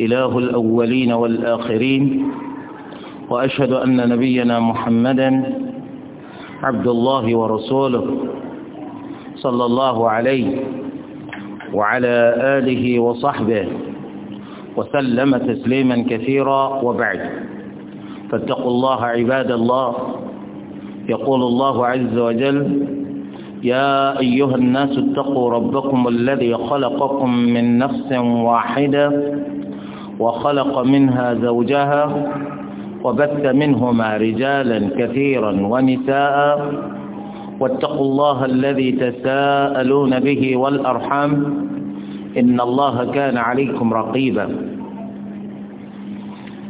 إله الأولين والآخرين وأشهد أن نبينا محمدا عبد الله ورسوله صلى الله عليه وعلى آله وصحبه وسلم تسليما كثيرا وبعد فاتقوا الله عباد الله يقول الله عز وجل يا أيها الناس اتقوا ربكم الذي خلقكم من نفس واحدة وخلق منها زوجها وبث منهما رجالا كثيرا ونساء واتقوا الله الذي تساءلون به والأرحام إن الله كان عليكم رقيبا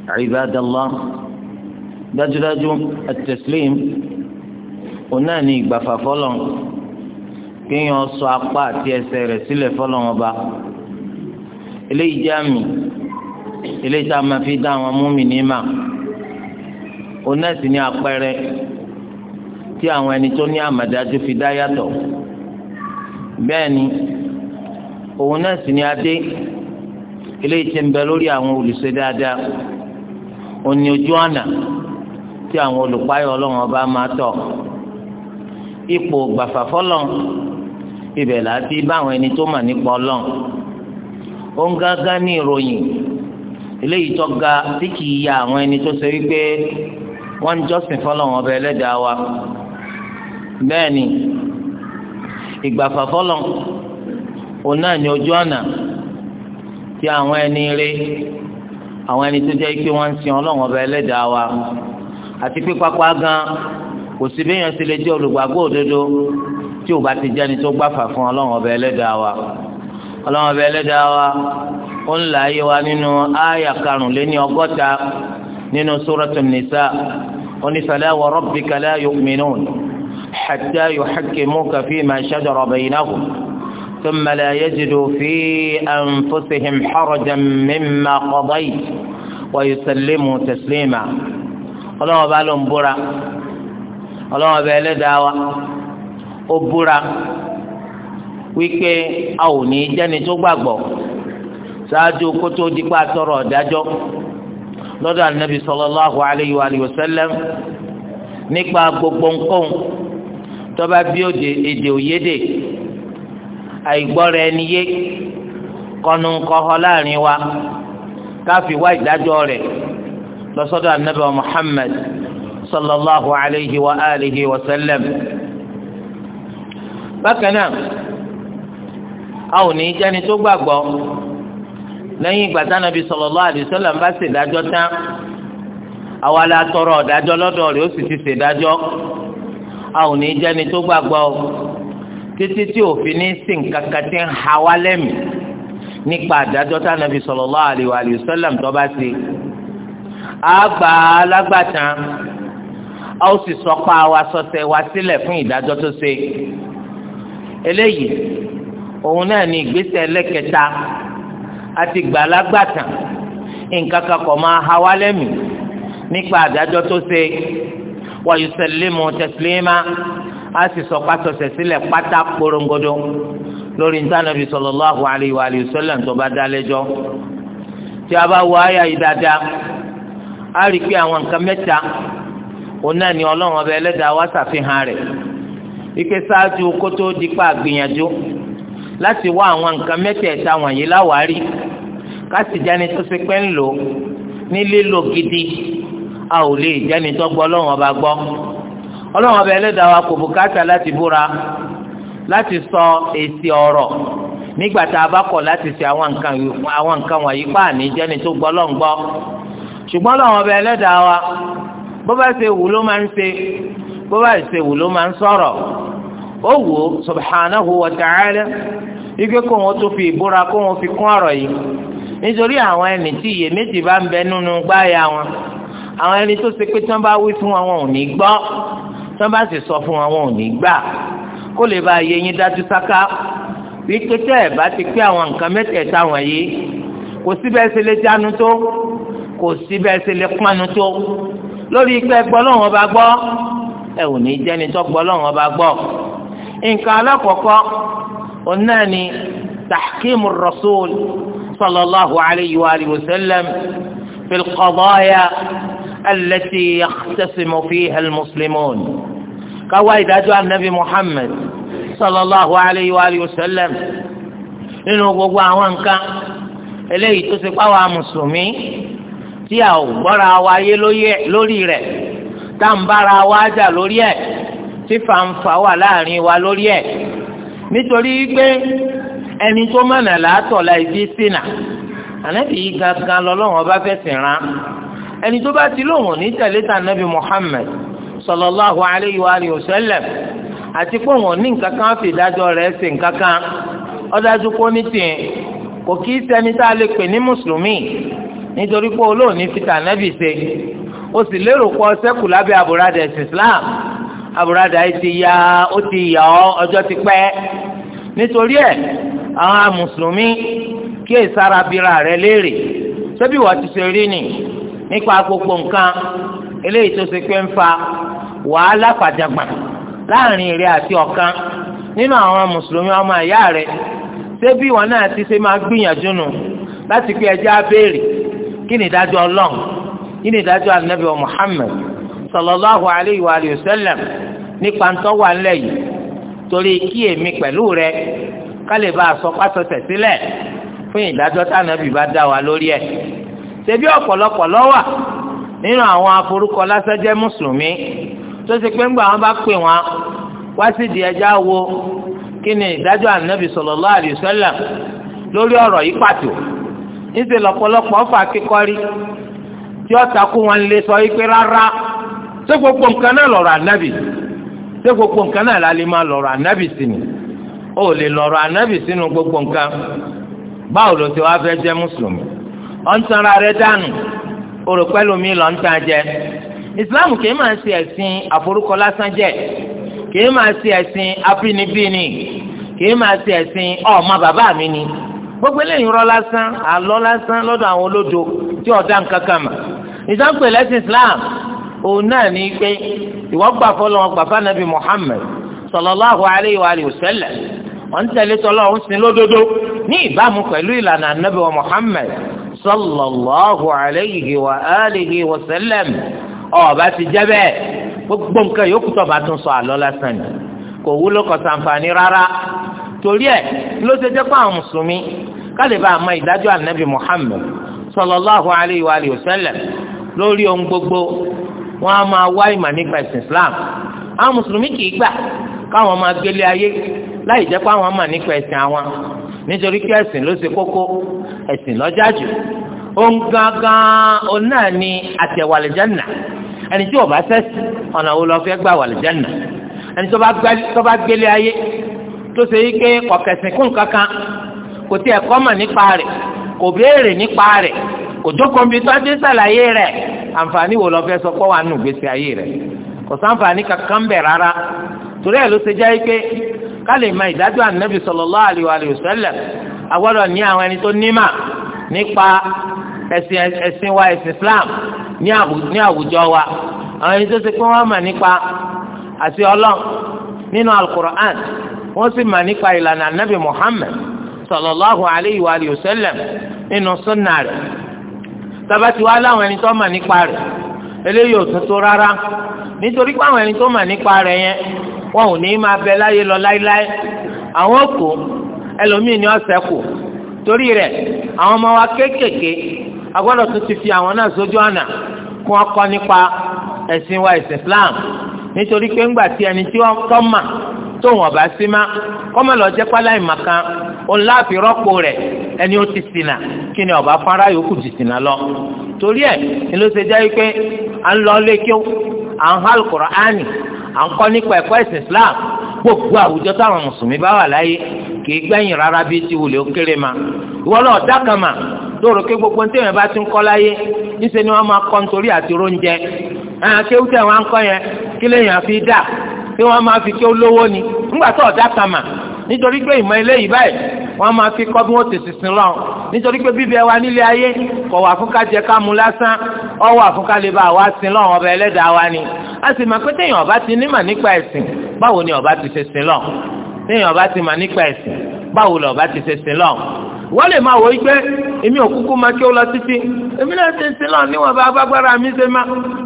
عباد الله دجلج التسليم وناني بفا كن يوصو أقبات يسير سلف وبا إلي جامي eléyìí tá a máa fi dá àwọn múmìnì mà onẹ́sì ní àpẹẹrẹ tí àwọn ẹni tó ní àmàdájú fi dá yàtọ̀ bẹ́ẹ̀ ni òun náà sì ní adé eléyìí tí ń bẹ lórí àwọn olùṣe dáadáa òní ojú ọ̀nà tí àwọn olùpáyọ̀ ọlọ́run ọba máa tọ̀ ipò gbàfà ibẹ̀ láti bá àwọn ẹni tó mà nípa ọlọ́run ó ń gángan ní ìròyìn eléyìí tó ga tí kì ya àwọn ẹni tó ṣe wípé wọ́n ń jọ́sìn fọlọ́wọ́n ọba ẹlẹ́dàá wa bẹ́ẹ̀ ni ìgbàfà fọlọ́ òun náà ní ojú ọ̀nà tí àwọn ẹni rí àwọn ẹni tó jẹ́ pé wọ́n ń sin ọlọ́wọ́n ọba ẹlẹ́dàá wa àti pípápá gan kò sí béèyàn sì lè jẹ́ olùgbàgbọ́ òdodo tí ò bá ti jẹ́ni tó gbàfà fún ọlọ́wọ́n ọba ẹlẹ́dàá wa ọlọ́wọ́n ọba ẹlẹ́dàá wa ó ń là ayé wa nínú àyà karùnléní ọgọ́ta nínú sóràtún nìsa onífẹ̀lẹ́ wa rabbika la yu'minun hatta yuhakkimuka fima shajara baynahum thumma la yajidu fi anfusihim harajan mimma qadayt wa yusallimu taslima ọlọ́wọ́ bá ló ń búra ọlọ́wọ́ bá ẹlẹ́dàá wa ó búra wípé a ò ní jẹ́ni tó gbàgbọ́ ṣáájú kótó dípá tọrọ ọ̀dájọ́ lọ́dọ̀ anabi sallallahu alayhi wa alihi wa sallam nípa gbogbo nǹkan tó bá bí òde èdè òyédè àìgbọ́ra ẹni yé kọnu kọ́họ́ láàrin wa káfí wá ìdájọ́ rẹ̀ lọ́sọ́dọ̀ anabi muhammad sallallahu alayhi wa alihi wa bákan náà a ò ní jẹ́ni tó gbàgbọ́ lẹ́yìn ìgbà tánàbí sallallahu alaihi wasallam bá ṣèdájọ́ tán àwa la tọrọ ọ̀dájọ́ lọ́dọ̀ rẹ̀ ó sì ti ṣèdájọ́ a ò ní jẹ́ni tó gbàgbọ́ o títí tí òfin ní sìn kankan ti ń ha wá lẹ́mìí nípa àdájọ́ tánàbí sallallahu alaihi wasallam tó bá ṣe àgbà alágbàtàn a ó sì sọpá wa sọsẹ wa sílẹ̀ fún ìdájọ́ tó ṣe eléyìí òun náà ní ìgbésẹ̀ ẹlẹ́kẹta àti gbàlágbàtàn nǹkan kan kọ̀ máa ha wá lẹ́mì nípa àdájọ́ tó ṣe wa yusallimu taslima á sì sọ pátọ̀sẹ̀ sílẹ̀ pátá porongodo lórí ntànàbí sallallahu alayhi wa sallam tó bá dá lẹ́jọ́ tí a bá wọ àyà yìí dáadáa á rí i pé àwọn nǹkan mẹ́ta òun náà ni ọlọ́run ọba ẹlẹ́dàá wá ṣàfihàn rẹ̀ ike sáájú kótó dípà gbìyànjú láti wá àwọn nǹkan mẹ́tẹ̀ẹ̀ta wọ̀nyí láwárí kásì jẹ́ni tó ṣe pé ń lò ní lílo gidi a ò lè jẹ́ni tó gbọ́ ọlọ́run ọba gbọ́ ọlọ́run ọba ẹlẹ́dàá wa kò bùkátà láti búra láti sọ èsì ọ̀rọ̀ nígbà tá a bá kọ̀ láti ṣe àwọn nǹkan àwọn nǹkan wọ̀nyí páàní jẹ́ni gbọ́ ọlọ́run gbọ́ ṣùgbọ́n ọlọ́run ọba ẹlẹ́dàá wa bó bá ṣe wù ló máa ń ṣe bó bá ṣe wù ló máa ń sọ̀rọ̀ ó wò ó subhanahu wa ta'ala ike kó wọn tó fi ìbúra kó wọn fi kún ọ̀rọ̀ yìí nítorí àwọn ẹni tí iyèméjì bá ń bẹ nínú gbáya wọn àwọn ẹni tó ṣe pé tí wọn bá wí fún wọn wọn ò ní gbọ́ tí wọn bá sì sọ fún wọn wọn ò ní gbà kó lè bá yé yín dájú sáká wípé tẹ́ ẹ̀ bá ti pé àwọn nǹkan mẹ́tẹ̀ẹ̀ta wọ̀nyí kò síbẹ̀ ṣe lè jánu tó kò síbẹ̀ ṣe lè pánu tó lórí ikpe gbọ́ lọ́wọ́n bá gbọ́ ẹ ò ní jẹ́ni tó gbọ́ lọ́wọ́n bá gbọ́ nǹkan alákọ̀ọ́kọ́ òun náà ni tahkimu rasul sallallahu alayhi wa alihi wa sallam fi al-qadaya allati yakhtasimu fiha al-muslimun káwá ìdájọ́ anabi muhammad sallallahu alayhi wa alihi wa sallam nínú gbogbo àwọn nǹkan eléyìí tó ṣe pàwọn mùsùlùmí tí a ò gbọ́ra wa yé lórí rẹ̀ tá à bára wa jà lórí ẹ̀. tí fàǹfà wà láàrin wa lórí ẹ̀ nítorí pé ẹni tó mọ̀nà làátọ̀ la ibi sínà ànábì yìí gangan lọ́lọ́run ọba fẹ̀sìn rán ẹni tó bá ti lóun ní tẹ̀lé tà nábì sallallahu alayhi wa wa àti pé wọn ní kò kí í tá a lè pè ní mùsùlùmí nítorí pé olóòní fi ṣe o sì lérò sẹ́kù lábẹ́ àbúradà yìí ti ya ó ti yà ọ́ ọjọ́ ti pẹ́ nítorí ẹ̀ àwọn mùsùlùmí kí èsàrà bíra rẹ léèrè ṣebí wọ́n ti ṣe rí ni nípa gbogbo nǹkan eléyìí tó ṣe pé ń fa wàhálà fàjàgbà láàrin rẹ àti ọ̀kan nínú àwọn mùsùlùmí ọmọ ìyá rẹ ṣebí wọn náà ti ṣe máa gbìyànjú nù láti pé ẹjẹ́ abéèrè kí ni ìdájọ́ ọlọ́run kí ni ìdájọ́ anabi wa Muhammad sallallahu alayhi wa sallam nípa ntọ́ wà ńlẹ̀ yìí torí kí èmi pẹ̀lú rẹ kálí bá a sọ pásọ tẹ̀sílẹ̀ fún ìdájọ́ tánàbì bá dá wa lórí ẹ̀ ṣebí ọ̀pọ̀lọpọ̀ lọ́wà nínú àwọn aforúkọ lásẹ́jẹ́ mùsùlùmí tó ṣe pé ńgbà wọn bá pè wọn wá sí di ẹja wo kí ni ìdájọ́ ànábì sallallahu alayhi wa sallam lórí ọ̀rọ̀ yìí pàtó níṣẹ́ lọ́pọ̀lọpọ̀ fà kíkọ́rí tí ó takú wọn lè sọ yìí pé rárá ṣé gbogbo nǹkan náà lọ̀rọ̀ ànábì ṣé gbogbo nǹkan náà máa lọ̀rọ̀ ànábì ni ó lè lọ̀rọ̀ ànábì sínú gbogbo nǹkan báwo ló ti wá fẹ́ jẹ́ mùsùlùmí ọ̀ ń rẹ o rò pẹ́ lómi lọ́ ń tan jẹ ìsìláàmù kì í máa ṣe ẹ̀sìn àforúkọ lásán jẹ kì í máa ṣe ẹ̀sìn àbínibíni kì í máa ṣe ẹ̀sìn bàbá mi ni gbogbo eléyìí rọ lásán àlọ́ lásán lọ́dọ̀ àwọn olódo tí ọ̀dà nǹkan islam òun náà ní pé ìwọ gbà fọlọ́ wọn gbà fánàbí Muhammad sallallahu alayhi wa alihi wa sallam wọn tẹ̀lé tọ́lọ́ ọ̀hún sí lódodo ní ìbámu pẹ̀lú ìlànà anábì wa Muhammad sallallahu alayhi wa alihi wa sallam ọ̀ọ́bá ti jẹ́ bẹ́ẹ̀ gbogbo nǹkan yòókù tó bá tún sọ àlọ́ lásán ni kò wúlò kò sàǹfààní rárá torí ẹ̀ ló ṣe jẹ́ pé àwọn kálíbà àmọ́ ìdájọ́ anábì Muhammad sallallahu alayhi wa alihi wa sallam lórí ohun gbogbo wọ́n á máa wá ìmọ̀ nípa ẹ̀sìn Islam àwọn mùsùlùmí kì í gbà káwọn máa gbélé ayé láì jẹ́ pé àwọn máa nípa ẹ̀sìn àwọn nítorí pé ẹ̀sìn ló ṣe kókó ẹ̀sìn lọ́jà jù òun gangan òun náà ni àtẹ̀wàlẹ̀jẹ̀nà ẹni tí ó bá ṣẹ̀sìn ọ̀nà wo lọ fẹ́ gbà wàlẹ̀jẹ̀nà ẹni tó bá gbélé ayé tó ṣe yí pé ọ̀kẹ̀sìn kankan kò tí ẹ̀kọ́ mọ̀ nípa rẹ̀ kò béèrè nípa rẹ̀ kò jókòó mi tó adé sàlàyé rẹ̀ àǹfààní wo lọ fẹ́ sọ pé wàá nù gbèsè ayé rẹ̀ kò sáǹfààní kankan bẹ̀ rárá torí ẹ̀ ló ṣe jẹ́ pé ká lè mọ ìdájọ́ ànábì sallallahu alaihi wa sallam agbọ́dọ̀ ní àwọn ẹni tó nímà nípa ẹ̀sìn ẹ̀sìn wa ẹ̀sìn Islam ní àwùjọ wa àwọn ẹni tó ṣe pé wọ́n mọ̀ nípa àti Ọlọ́run nínú al-Qur'an wọ́n sì mọ̀ nípa ìlànà ànábì Muhammad sallallahu alaihi wa sallam nínú sunna rẹ̀ sábà tí wàá láwọn ẹni tó mà nípa rẹ̀ eléyìí ò tún tó rárá nítorí pé àwọn ẹni tó mà nípa rẹ̀ yẹn wọn ò ní máa bẹ láyé lọ láéláé àwọn kò ẹlòmíì ni kù torí àwọn ọmọ wa kéékèèké ti fi àwọn náà sójú kún ọkọ nípa wa ẹ̀sìn flam nítorí pé ńgbà tí ẹni tí tó ọba si sí má kọ́mọ lọ jẹ́ pálá ìmọ̀kan òun láàfi rọ́pò rẹ̀ ẹni ó ti ṣìnà kí ni ọba fara yòókù ti ṣìnà lọ torí ẹ̀ ni ló ṣe jẹ́ pé à ń lọ lé kí à ń à ń kọ́ nípa ẹ̀kọ́ ẹ̀sìn Islam gbogbo àwùjọ táwọn mùsùlùmí bá wà láyé kì í gbẹ̀yìn rárá ti ó ma ìwọ gbogbo ní bá ti ń kọ́ láyé níṣẹ́ ni wọ́n máa kọ́ nítorí àti róúnjẹ ẹ̀ tí wọ́n máa fi kí ó lówó ni ńgbà tó ọ̀dà kàmà nítorí pé ìmọ̀ eléyìí báyìí wọ́n máa fi kọ́ bí wọ́n ti sísin lọ nítorí pé bíbẹ wa nílé ayé kọ̀ wà fún kájẹ kámu lásán ọwọ́ àfúnkálẹ̀ bá wa sin lọ́wọ́ ọba ẹlẹ́dàá wa ni a sì máa pé téèyàn ọba ti nímà nípa ẹ̀sìn báwo ni ọba ti ṣe sin lọ téèyàn ọba ti mà nípa ẹ̀sìn báwo lọ bá ti ṣe lọ wọ́n lè máa wọ èmi máa kí ó lọ títí èmi náà lọ bá agbára mi ṣe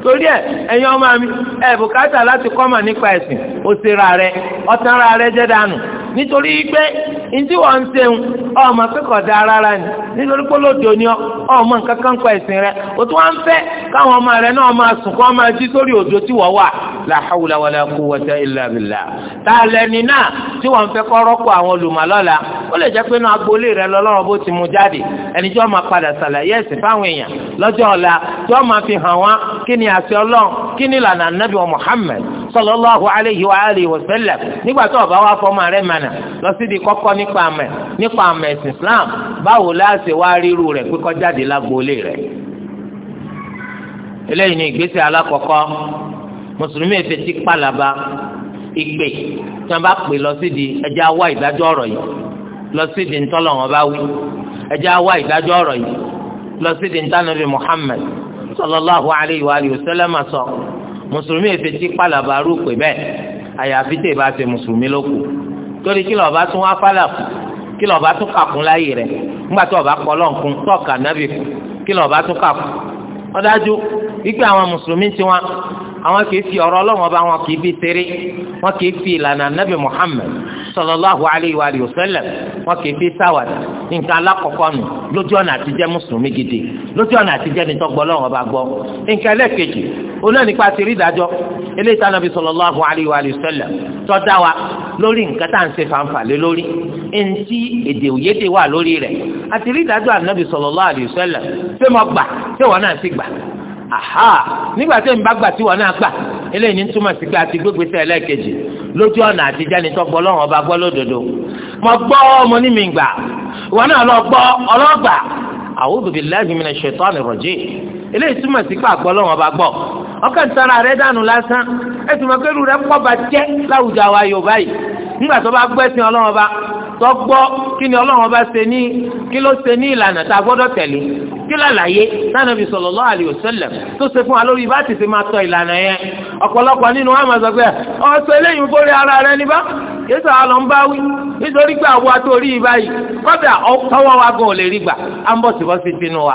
torí ẹ ọmọ mi ẹ bùkátà láti nípa ẹ̀sìn rẹ ntí wọ́n ń sẹ́wọ̀n ọmọ akẹ́kọ̀ọ́ da rárá ni nítorí pé lóde òní ọmọ nǹkan kan kọ ẹ̀sìn rẹ o tún wá ń fẹ́ káwọn ọmọ rẹ náà máa sùn kọ́ máa jí sórí òdo tí wọ́n wà la hawla wala quwwata illa billah tá a lẹni náà tí wọ́n fẹ́ kọ́ rọ́pò àwọn olùmọ̀lọ́la ó lè jẹ́ pé náà agboolé rẹ lọ́lọ́run bó ti mú jáde ẹni tí wọ́n máa padà sàlàyé ẹ̀sìn fáwọn èèyàn lọ́jọ́ ọ̀la tí wọ́n máa fi hàn wọ́n kí ni àṣẹ ọlọ́run kí ni ìlànà ànábì wa Muhammad sallallahu alayhi wa alihi wa sallam nígbà tó ọba wa fọmọ rẹ mànà nípa àmẹ nípa àmẹ ẹ̀sìn Islam báwo láàṣẹ wá ríru rẹ̀ pé kọjáde lágboolé rẹ̀ eléyìí ni ìgbésẹ̀ alákọ̀ọ́kọ́ mùsùlùmí èfetí pàlàbà ìgbè tí wọn bá pè lọ sídìí ẹjẹ awá ìdájọ́ ọ̀rọ̀ yìí lọ sídìí ntọ́lọ̀ wọn bá wí ẹjẹ awá ìdájọ́ ọ̀rọ̀ yìí lọ sídìí ntánàbí Muhammad sallallahu alayhi wa sallam sọ mùsùlùmí èfetí pàlàbà rú pè bẹ́ẹ̀ àyàfi tèbá ṣe mùsùlùmí lókù torí kí lọ́ọ̀bá tún wá fálà kù kí lọ́ọ̀bá tún kàkún láyè rẹ̀ nígbà tó ọ̀bá kọ́ lọ́nkún tọ́ọ̀kà nábì kù kí lọ́ọ̀bá tún kàkún. ọ̀dájú wípé àwọn mùsùlùmí tiwọn àwọn kì í fi ọ̀rọ̀ Ọlọ́run ọba wọn kì í fi ṣeré wọn kì í fi ìlànà nabi Muhammad sallallahu alayhi wa sallam wọn kì í fi sáwàdà nǹkan alákọ̀ọ́kọ́ nù lójú ọ̀nà àtijẹ́ mùsùlùmí gidi lójú ọ̀nà àtijẹ́ ni tọ́gbọ́ Ọlọ́run ọba gbọ́ nǹkan ẹlẹ́ẹ̀kejì olóònípa ti rí ìdájọ́ eléyìí tí Ànábì sallallahu alayhi wa sallam tó dá wa lórí nǹkan tá à ń ṣe fanfà lé lórí ntí èdè òyédè wà lórí rẹ̀ àti rí ìdájọ́ Ànábì sallallahu alayhi wa sallam ṣé mo gbà ṣé wọn náà ti gbà aha nígbà tí èmi bá gbà tí wọn náà gbà eléyìí ní túmọ̀ sí pé àti gbégbé sẹ́ ẹlẹ́ẹ̀kejì lójú ọ̀nà àtijọ́ ni tọ́gbọ́ ọlọ́run ọba gbọ́ lódodo mo gbọ́ mo ní mi gbà wọn náà lọ gbọ́ ọlọ́gbà a'udhu billahi minash shaitani rajim eléyìí túmọ̀ sí pé àgbọ́ ọlọ́run ọba gbọ́ ọkàn tara rẹ dànù lásán ẹsùn mọ́ pẹ́lú rẹ pọ́ bá jẹ́ láwùjọ àwa Yorùbá yìí nígbà tó bá gbẹ́sìn ọlọ́run ọba tọ́gbọ́ kí ni ọlọ́run ọba ṣe ní kí ló ṣe ní ìlànà tá a gbọ́dọ̀ tẹ̀lé kí lálàyé sànàbí sallallahu alaihi wasallam tó ṣe fún alórí lórí bá ti ṣe máa tọ ìlànà yẹn ọ̀pọ̀lọpọ̀ nínú wa máa sọ pé ọ̀sẹ̀ eléyìí ara rẹ níbá yéṣà àlọ́ ń bá wí nítorí pé àwọn àtòrí ìbáyìí kọ́dà ọ̀pọ̀wọ́ wa gan ò lè rí gbà á ń bọ̀ wa.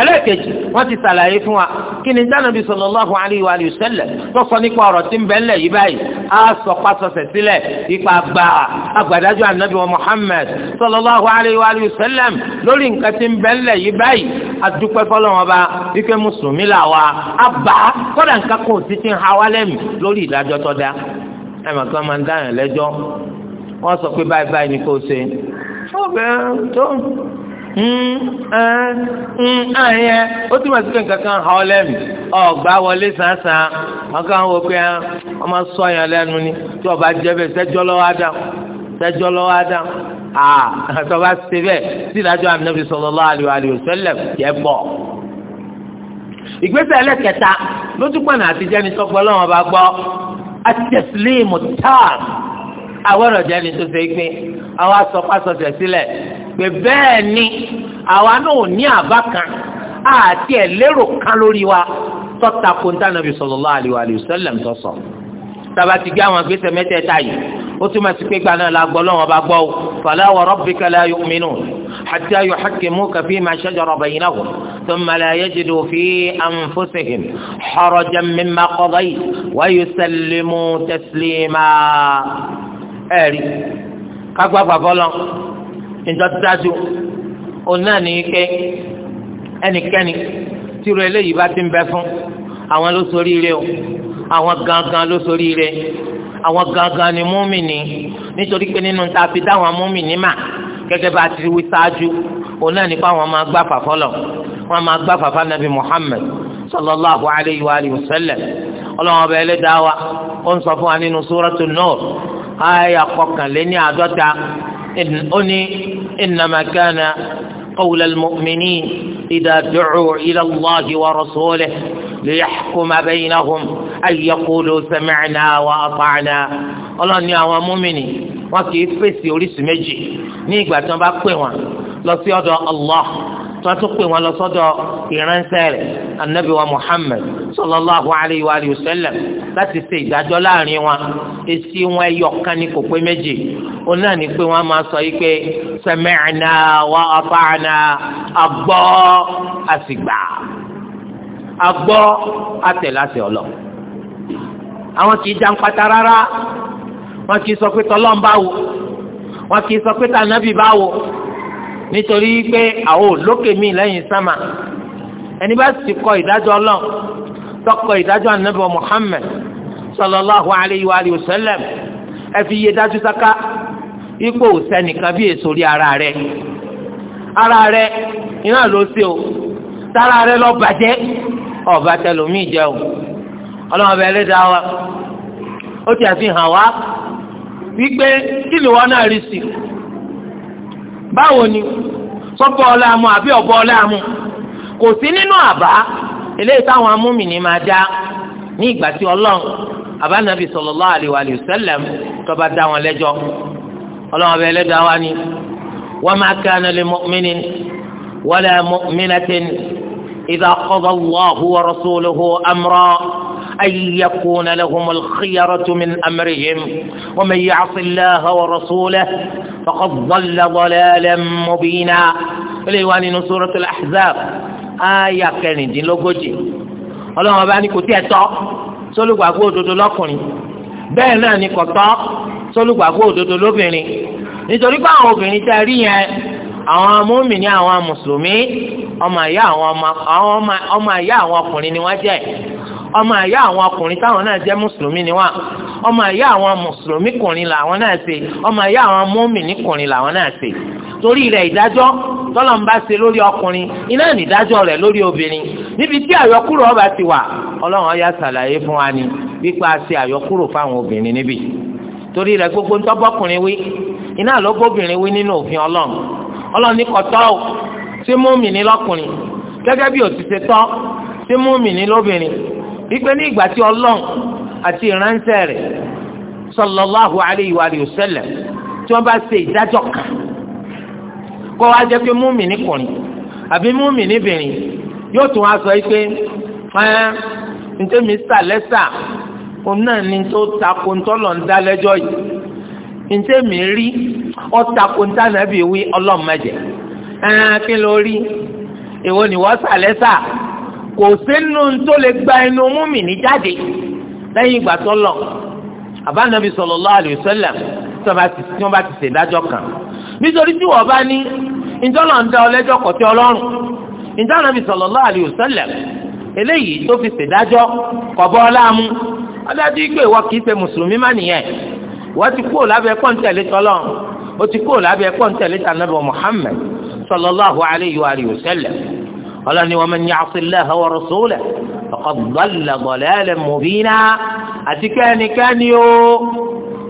ẹlẹ́ẹ̀kejì wọ́n ti sàlàyé fún wa kí ni jánàbí sallallahu alayhi wa sallam tó sọ nípa ọ̀rọ̀ tí ń bẹ ńlẹ̀ yìí báyìí á sọ pásọsẹ̀ sílẹ̀ ipa gba agbàdájọ́ ànábì wa Muhammad sallallahu alayhi wa sallam lórí nǹkan tí ń bẹ ńlẹ̀ yìí báyìí adúpẹ́ fọlọ́wọn bá wípé mùsùlùmí là wa á bá kọ́dà nǹkan kò sí ti ń ha wálẹ́mì lórí ìdájọ́ tó dá ẹ̀ ẹ̀yẹ ó ti wà síkẹ̀ kankan ha ọ lẹ́nu ọgbà wọlé sàǹsàn ọkàn wò pé ọmọ sọyàn lẹ́nu ni tí ọba jẹ́ bẹ́ẹ̀ sẹ́jọ́ lọ́wọ́ adam sẹ́jọ́ lọ́wọ́ adam àtọ́ba ṣe bẹ́ẹ̀ sí ìdájọ́ ànábì sallallahu alaihi wasallam yẹ bọ̀. ìgbésẹ̀ ẹlẹ́kẹta lójúpọ̀nà àtijẹ́ni tọ́gbọ́ lọ́wọ́ bá gbọ́ àwọ̀rọ̀ jẹ́ ni tó ṣe pé àwa sọ pásọsẹ̀ sílẹ̀ pé bẹ́ẹ̀ ni àwa náà ní àbá kan àti ẹ̀ lérò kan lórí wa tọ́ta kóńtà nàbì sallallahu alaihi wasallam tó sọ tàbá ti gbé àwọn gbèsè mẹ́tẹ̀ẹ̀ta yìí ó túmọ̀ sí pé gbaná la gbọ́ lọ́wọ́ bá gbọ́ o fala wa rabbika la yu'minun hatta yuhakkimuka fima shajara baynahum thumma la yajidu fi anfusihim harajan mimma qadayta wa yusallimu taslima ẹ̀rí kágbàgbà fọlọ́ ìjọ́sídájú òun náà ní ike ẹnikẹ́ni tírú eléyìí bá ti ń bẹ fún àwọn ló sorí ire o àwọn gangan ló sorí ire àwọn gangan ni múmìnì nítorí pé nínú ta fi dáwọn múmìnì mà gẹ́gẹ́ bá ti wí ṣáájú òun náà nípa àwọn máa gbà fàfọlọ wọn máa gbà fàfà nàbì Muhammad sallallahu alayhi wa sallam ọlọ́wọ́n ọba ẹlẹ́dàá wa ó ń sọ fún wa nínú Suratul Nur aya kọkànléní àádọ́ta ó ní innama kana qawla al-mu'minin idha du'u ila Allahi wa rasulihi liyahkuma baynahum an yaqulu sami'na wa ata'na ọlọ́ni àwọn múmìnì wọn kì í fèsì oríṣi méjì ní ìgbà tí wọn bá pè wọn lọ sí ọ̀dọ̀ Allah tó tó pè wọn lọ sọ́dọ̀ ìránṣẹ́ rẹ̀ anabi wa muhammed sallallahu alayhi wa alihi wa sallam láti ṣe ìdájọ́ láàrin wọn èsì wọn ẹyọ kan ní kò pé méjì òun náà ní pé wọn máa sọ yìí pé sami'na wa ata'na agbọ́ àsìgbà agbọ́ àtẹ̀láṣẹ ọlọ àwọn kì í já ń pata rárá wọn kì í sọ pé tọlọ́n bá wò wọn kì í sọ pé tànàbì bá wò nítorí pé àwọn olókè mi lẹ́yìn sámà ẹni bá sì kọ ìdájọ́ ọlọ́run tọkọ ìdájọ́ ànábì Muhammad sallallahu alayhi wa alihi wa sallam ẹ fi iye dájú sáká ipò sẹ́nìkan bí èso rí ara rẹ̀ ara rẹ̀ iná ló ṣe o tára rẹ̀ lọ bàjẹ́ ọba tẹlomi jẹ o ọlọ́run ọba ẹlẹ́dàá wa ó ti àfihàn wa wípé kí ni wọn náà rí sí i báwo ni sọ́bọ̀ ọláàmú àbí ọ̀bọ̀ ọláàmú kò sí nínú àbá eléyìí táwọn amúmìnì máa dá ní ìgbà tí ọlọ́run àbánabi sallallahu alaihi wa sallam tó bá dá wọn lẹ́jọ́ ọlọ́run ọbẹ̀ ẹlẹ́dàá wa ni wa ma kana li mu'minin wala mu'minatin idha qada Allahu wa rasuluhu amra. أن يكون لهم الخيرة من أمرهم ومن يعص الله ورسوله فقد ضل ضلالا مبينا الإيوان سورة الأحزاب آية كان دين لوجي ọlọ́run ọba ní kò tí ẹ tọ́ sólùgbàgbọ́ òdodo lọ́kùnrin bẹ́ẹ̀ náà ni kò tọ́ sólùgbàgbọ́ òdodo lóbìnrin nítorí pé àwọn obìnrin tẹ́ rí yẹn àwọn amúmìnì àwọn mùsùlùmí ọmọ àyà àwọn ọkùnrin ni wọ́n jẹ́ ọmọ àyà àwọn ọkùnrin táwọn náà jẹ́ mùsùlùmí ni wọ́n ọmọ àyà àwọn mùsùlùmí kùnrin làwọn náà ṣe ọmọ àyà àwọn mùmínì kùnrin làwọn náà ṣe torí rẹ̀ ìdájọ́ tọ́lọ̀ ń bá ṣe lórí ọkùnrin iná ìdájọ́ rẹ̀ lórí obìnrin níbi tí àyọkúrò ọba ti wà ọlọ́run ọ̀yà ṣàlàyé fún wa ni wípa ṣe àyọkúrò fáwọn obìnrin níbí torí rẹ̀ gbogbo ń tọ́bọ́kùnrin wí iná ló bóbìnrin wí nínú òfin ọlọ́run ọlọ́run ní kọ̀tọ́ ò sí mùmínì lọ́kùnrin gẹ́gẹ́ bí ó ti ṣe tọ́ sí mùmínì lóbìnrin wípé ní ìgbà tí ọlọ́run àti ìránṣẹ́ rẹ̀ sallallahu alayhi wa sallam tí wọ́n bá ṣe ìdájọ́ kan kó wá jẹ́ pé múmìnì kùnrin àbí múmìnì bìnrin yóò tún wá sọ wípé ẹ́ẹ́ ǹjẹ́ mr lẹ́sà òun náà ni tó takò ńtọ́lọ̀ ń dá lẹ́jọ́ yìí ǹjẹ́ mi rí wí ọlọ́mọdé kí ló rí ni wọ́n sà lẹ́sà kò sínú tó lè gba ẹnu múmìnì jáde lẹ́yìn ìgbà tó lọ àbánabi sallallahu alaihi wasallam tí wọ́n bá ti ṣèdájọ́ kan nítorí tí wọ́n bá ní ìjọlọ ń dá ọlẹ́jọ́ kọtí Ọlọ́run ìjọlọbi sallallahu alaihi wasallam eléyìí tó fi ṣèdájọ́ kọbọ ọlámú ọdájú ìgbé ìwọ kìí ṣe mùsùlùmí má nìyẹn wọ́n ti kúrò lábẹ́ pọ́ńtẹ̀lé tọ́lọ́ o ti kúrò lábẹ́ pọ́ńtẹ̀lé tànàbọ̀ Muhammad sallallahu alaihi wasallam ọlọ́ni wa man ya'si Allaha wa rasulahu faqad dhalla dhalalan mubina àti kẹ́nikẹ́ni o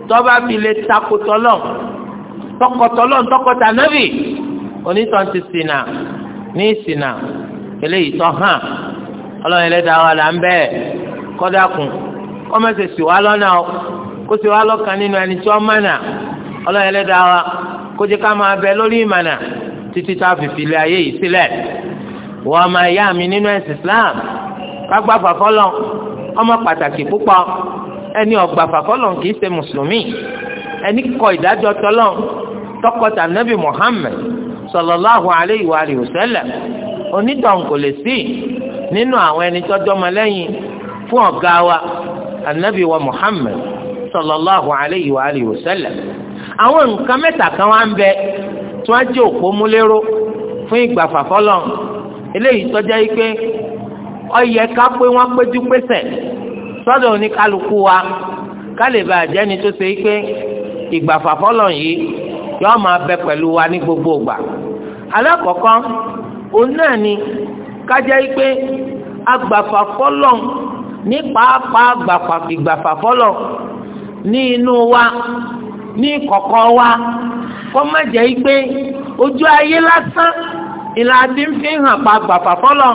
tọ́ba fi lè takòtọ́lọ́ tọkọtọ́lọ́ tọkọtà nábì onítàn ti ṣìnà ní ìṣìnà eléyìí tọ́ hàn ọlọ́run ẹlẹ́dàá wa là ń bẹ́ẹ̀ kọ́dákùn kọ́mẹ́sẹ̀ sì wá lọ́nà o kó sì wá lọ́kàn nínú ẹni tí wọ́n mọ̀nà ọlọ́run ẹlẹ́dàá wa kó wọ́n ọmọ ẹ̀yà mi nínú ẹ̀sìn Islam kágbá fàfọ́lọ́ ọmọ pàtàkì púpọ̀ ẹni ọ̀gbà fàfọ́lọ́ kì í ṣe mùsùlùmí ẹni kọ ìdájọ́ tọ́lọ́ tọkọtà nabi Muhammad sallallahu alayhi wa alihi wa sallam onítàn kò lè sí nínú àwọn ẹni tọ́jọ́ mọ́lẹ́yìn fún ọ̀gá wa anabi wa Muhammad sallallahu alayhi wa alihi wa sallam àwọn nǹkan mẹ́ta kan wá ń bẹ tí wọ́n jẹ́ òpó múlẹ́rọ́ fún ìgbà fàfọ́lọ́ eléyìí tọ́já yìí pé ọyẹ ká pé wọ́n péjú pésẹ̀ sọ́dọ̀ oníkálukú wa ká lè bàa jẹ́ni tó ṣe pé ìgbàfà fọlọ̀ yìí yọ máa bẹ pẹ̀lú wa ní gbogbo ìgbà alákọ̀ọ́kọ́ òun náà ni kájá yìí pé agbàfà fọlọ̀ ní pàápàá ìgbàfà fọlọ̀ ní inú wa ní kọ̀kọ̀ wa kọ́ má jẹ́ pé ojú ayé lásán ìlàdí ń fi hàn pa gbàfà fọlọ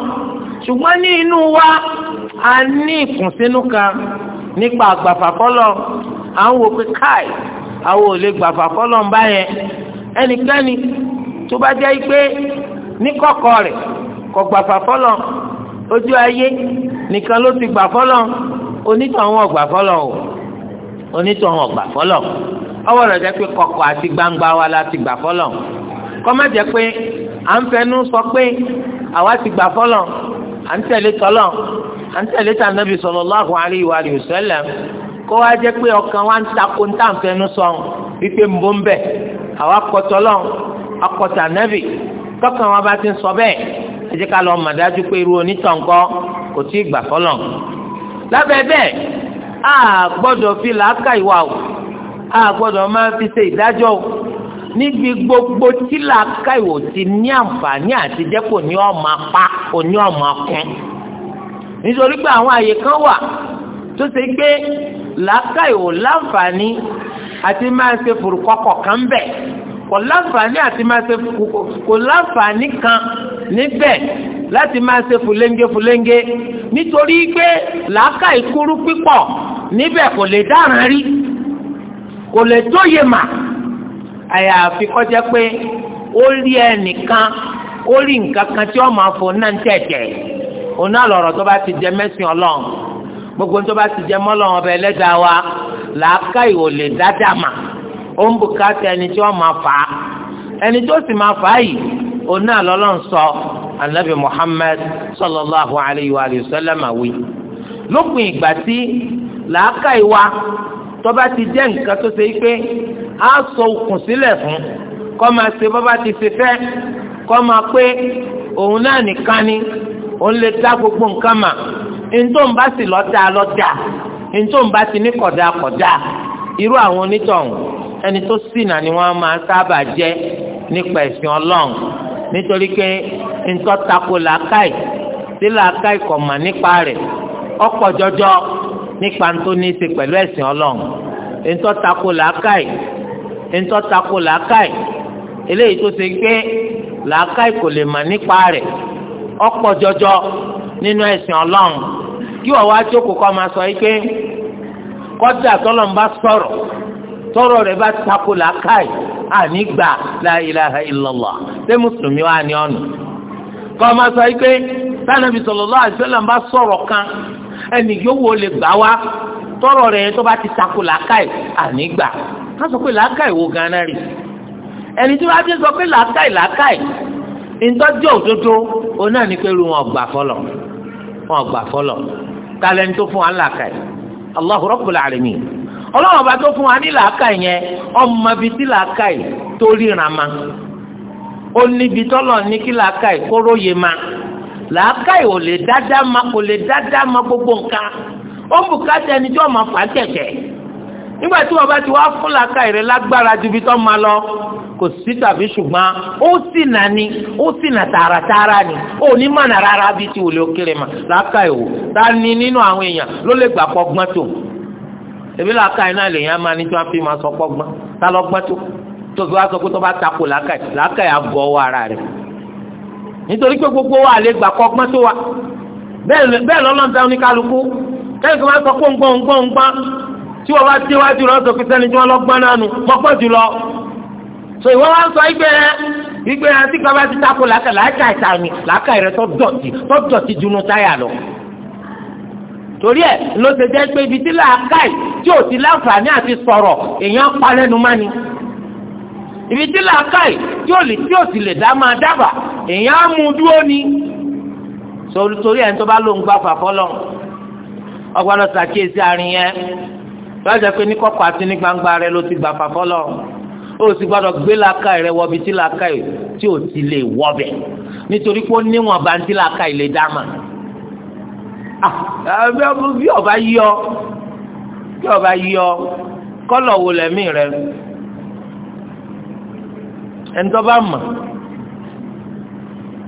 ṣùgbọ́n ní inú wa a ní ìkùnsínú kan nípa gbàfà fọlọ à ń wò pé káì àwọn ò lè gbàfà fọlọ ń bá yẹn ẹnikẹ́ni tó bá jẹ́ pé ní rẹ̀ kò gbàfà fọlọ ojú ayé nìkan ló ti gbà fọlọ onítọ̀hún ọ̀gbà fọlọ o onítọ̀hún ọ̀gbà fọlọ ọwọ́ rẹ̀ jẹ́ pé kọ̀kọ̀ àti gbangba wa la ti gbà fọlọ kọ́ má jẹ́ pé à ń fẹnu sọ pé àwa ti gbà fọlọ̀ à ń tẹ̀lé tọ́lọ̀ à ń tẹ̀lé tànàbì sallallahu alaihi wa alihi wasallam kó wá jẹ́ pé ọkàn wa ń takò ń tà ń fẹnu sọ wípé ń bó ń bẹ̀ àwa kọ tọ́lọ̀ akọ tànàbì tọkàn wa bá ti ń sọ bẹ́ẹ̀ ẹ jẹ́ ká lọ mọ̀ dájú pé irú onítọ̀ǹkọ́ kò tí ì gbà fọlọ̀ lábẹ́ bẹ́ẹ̀ a gbọ́dọ̀ fi làákà ìwà o a gbọ́dọ̀ máa fi ṣe ìdájọ́ o níbi gbogbo tí làákà ìwò ti ní àǹfààní àti dẹ́kun ní ọmọ apá òní ọmọ kún nítorí pé àwọn àyè kan wà tó ṣe gbé làákà ìwò láǹfààní àti máa ṣe fòrùkọkọ kan bẹ̀ kò láǹfààní àti máa ṣe kò láǹfààní kan níbẹ̀ láti máa ṣe fúlẹ́ńgé fúlẹ́ńgé nítorí pé làákà ìkúrú pípọ̀ níbẹ̀ kò lè dáràn rí kò lè tóye mà àyàfi kọjá pé ó rí ẹnìkan ó rí nǹkan kan tí ó máa fò náà ń tẹ̀tẹ̀ òun náà lọ̀rọ̀ tó bá ti jẹ mẹ́sìn ọlọ́run gbogbo tó bá ti jẹ mọ́lọ́run ọbẹ̀ ẹlẹ́dàá wa làákà ìwò lè dáadáa mà ó ń bùkátà ẹni tí ó máa fà á ẹni tó sì máa fà á yìí òun náà lọ́lọ́run sọ anabi Muhammad sallallahu alayhi wa sallam àwí lópin ìgbà tí làákà ìwà tọ́ba ti jẹ́ nǹkan tó ṣe pé á sọ okùn sílẹ̀ fún kọ́ máa ṣe bọ́ba ti ṣe fẹ́ kọ́ máa pé òun náà nìkan ni òun lè dá gbogbo nǹkan mà ntọ́ ń bá sì lọ́dà lọ́dà ntọ́ ń bá ti ní kọ̀dà kọ̀dà irú àwọn onítọ̀hún ẹni tó ṣìnà ni wọ́n máa sábà jẹ́ nípa ẹ̀sìn ọlọ́run nítorí pé ntọ́ tako làákàì sí làákàì kọ̀ mà nípa rẹ̀ ọ̀pọ̀ jọjọ nípa tó ní í ṣe pẹ̀lú ẹ̀sìn ọlọ́run ntọ́ tako làákàì ntọ́ tako làákàì eléyìí tó ṣe gbé làákàì kò lè mà nípa rẹ̀ ọ̀pọ̀ jọjọ nínú ẹ̀sìn ọlọ́run kí wọ́n wá jókòó kọ́ máa sọ yìí pé kọ́dà tọ́lọ̀ ń bá bá tako ànígbà la ilaha ṣé mùsùlùmí wà ní ọ̀nà kọ́ máa sọ sanabi ẹnì yòówó lè gbà wá tọrọ rẹ tó bá ti takò làákàyè ànígbà ká sọ pé làákàyè wo ganan rè ẹni tí wọ́n ti sọ pé làákàyè làákàyè ntọ́jú òdodo òun náà ní pé irú wọn gbà fọlọ wọn gbà fọlọ talẹ́ni tó fún wa ń làákàyè Allahu Rabbul Alamin ọlọ́wọ́n bá tó fún wa ní làákàyè yẹn ọmọ bíi ti làákàyè tó ríran ma ó níbi tọ́lọ̀ ní kí làákàyè kóró yé ma làákàyè ò lè dáadáa ma kò lè dáadáa ma gbogbo nǹkan ó ń bùkátà ẹni tí wọ́n máa fà á kẹ̀kẹ́ nígbà tí wọ́n bá ti wá fún làákàyè rẹ lágbára ju ibi tó máa lọ kò sí tàbí ṣùgbọ́n ó sì nà ni ó sì nà tààràtààrà ni ó ní mànà rárá bí ti wòlé òkèrè mà làákàyè wò tá ni nínú àwọn èèyàn ló lè gbà pọ̀ gbọ́n tó èmi làákàyè náà lèèyàn máa ní tí wọ́n fi máa sọ pọ̀ gbọ́n tá lọ gbọ́n tó tó fi wá sọ pé tó bá takò làákàyè nítorí pé gbogbo wa lè gbà kọ́ ọgbọ́n tó wa bẹ́ẹ̀ lọ́lọ́run ta oníkálukú kẹ́yìn kan máa sọ pé ńgbọ́n ńgbọ́n ńgbọ́n tí wọ́n bá tí wájú lọ sọ pé sẹ́ni tí wọ́n lọ gbọ́n náà nù mọ́pọ́ jùlọ. so ìwọ wá ń sọ ìgbẹ́ ìgbẹ́ àti kaba ti tako làákà làákà ìtàní làákà rẹ tó dọ̀tí tó dọ̀tí junu táyà lọ. torí ẹ ló ṣe jẹ́ pé ibi tí làákà yìí tí ò ti láǹfààní àti sọ̀rọ̀ èèyàn palẹ́nu mání. ibi tí làákà yìí tí ò sì lè dá máa dábàá èèyàn á mú dúró ni torí ẹni tó bá lóun gbà fàfọ́ lọ ọgbọ́dọ̀ ṣàkíyèsí àárín yẹn lọ́jọ́ pé ní kọ̀kọ̀ àti ní gbangba rẹ ló ti gbà fàfọ́ lọ ó sì gbọ́dọ̀ gbé làákà rẹ wọbi tí làákà yìí tí ò ti lè wọbẹ̀ nítorí pé ó níwọ̀n bá ń tí làákà lè dá mà bí ọba yí ọ bí ọba yí ọ kọ́lọ̀ wo lẹ́mí rẹ ẹni tó bá mọ̀.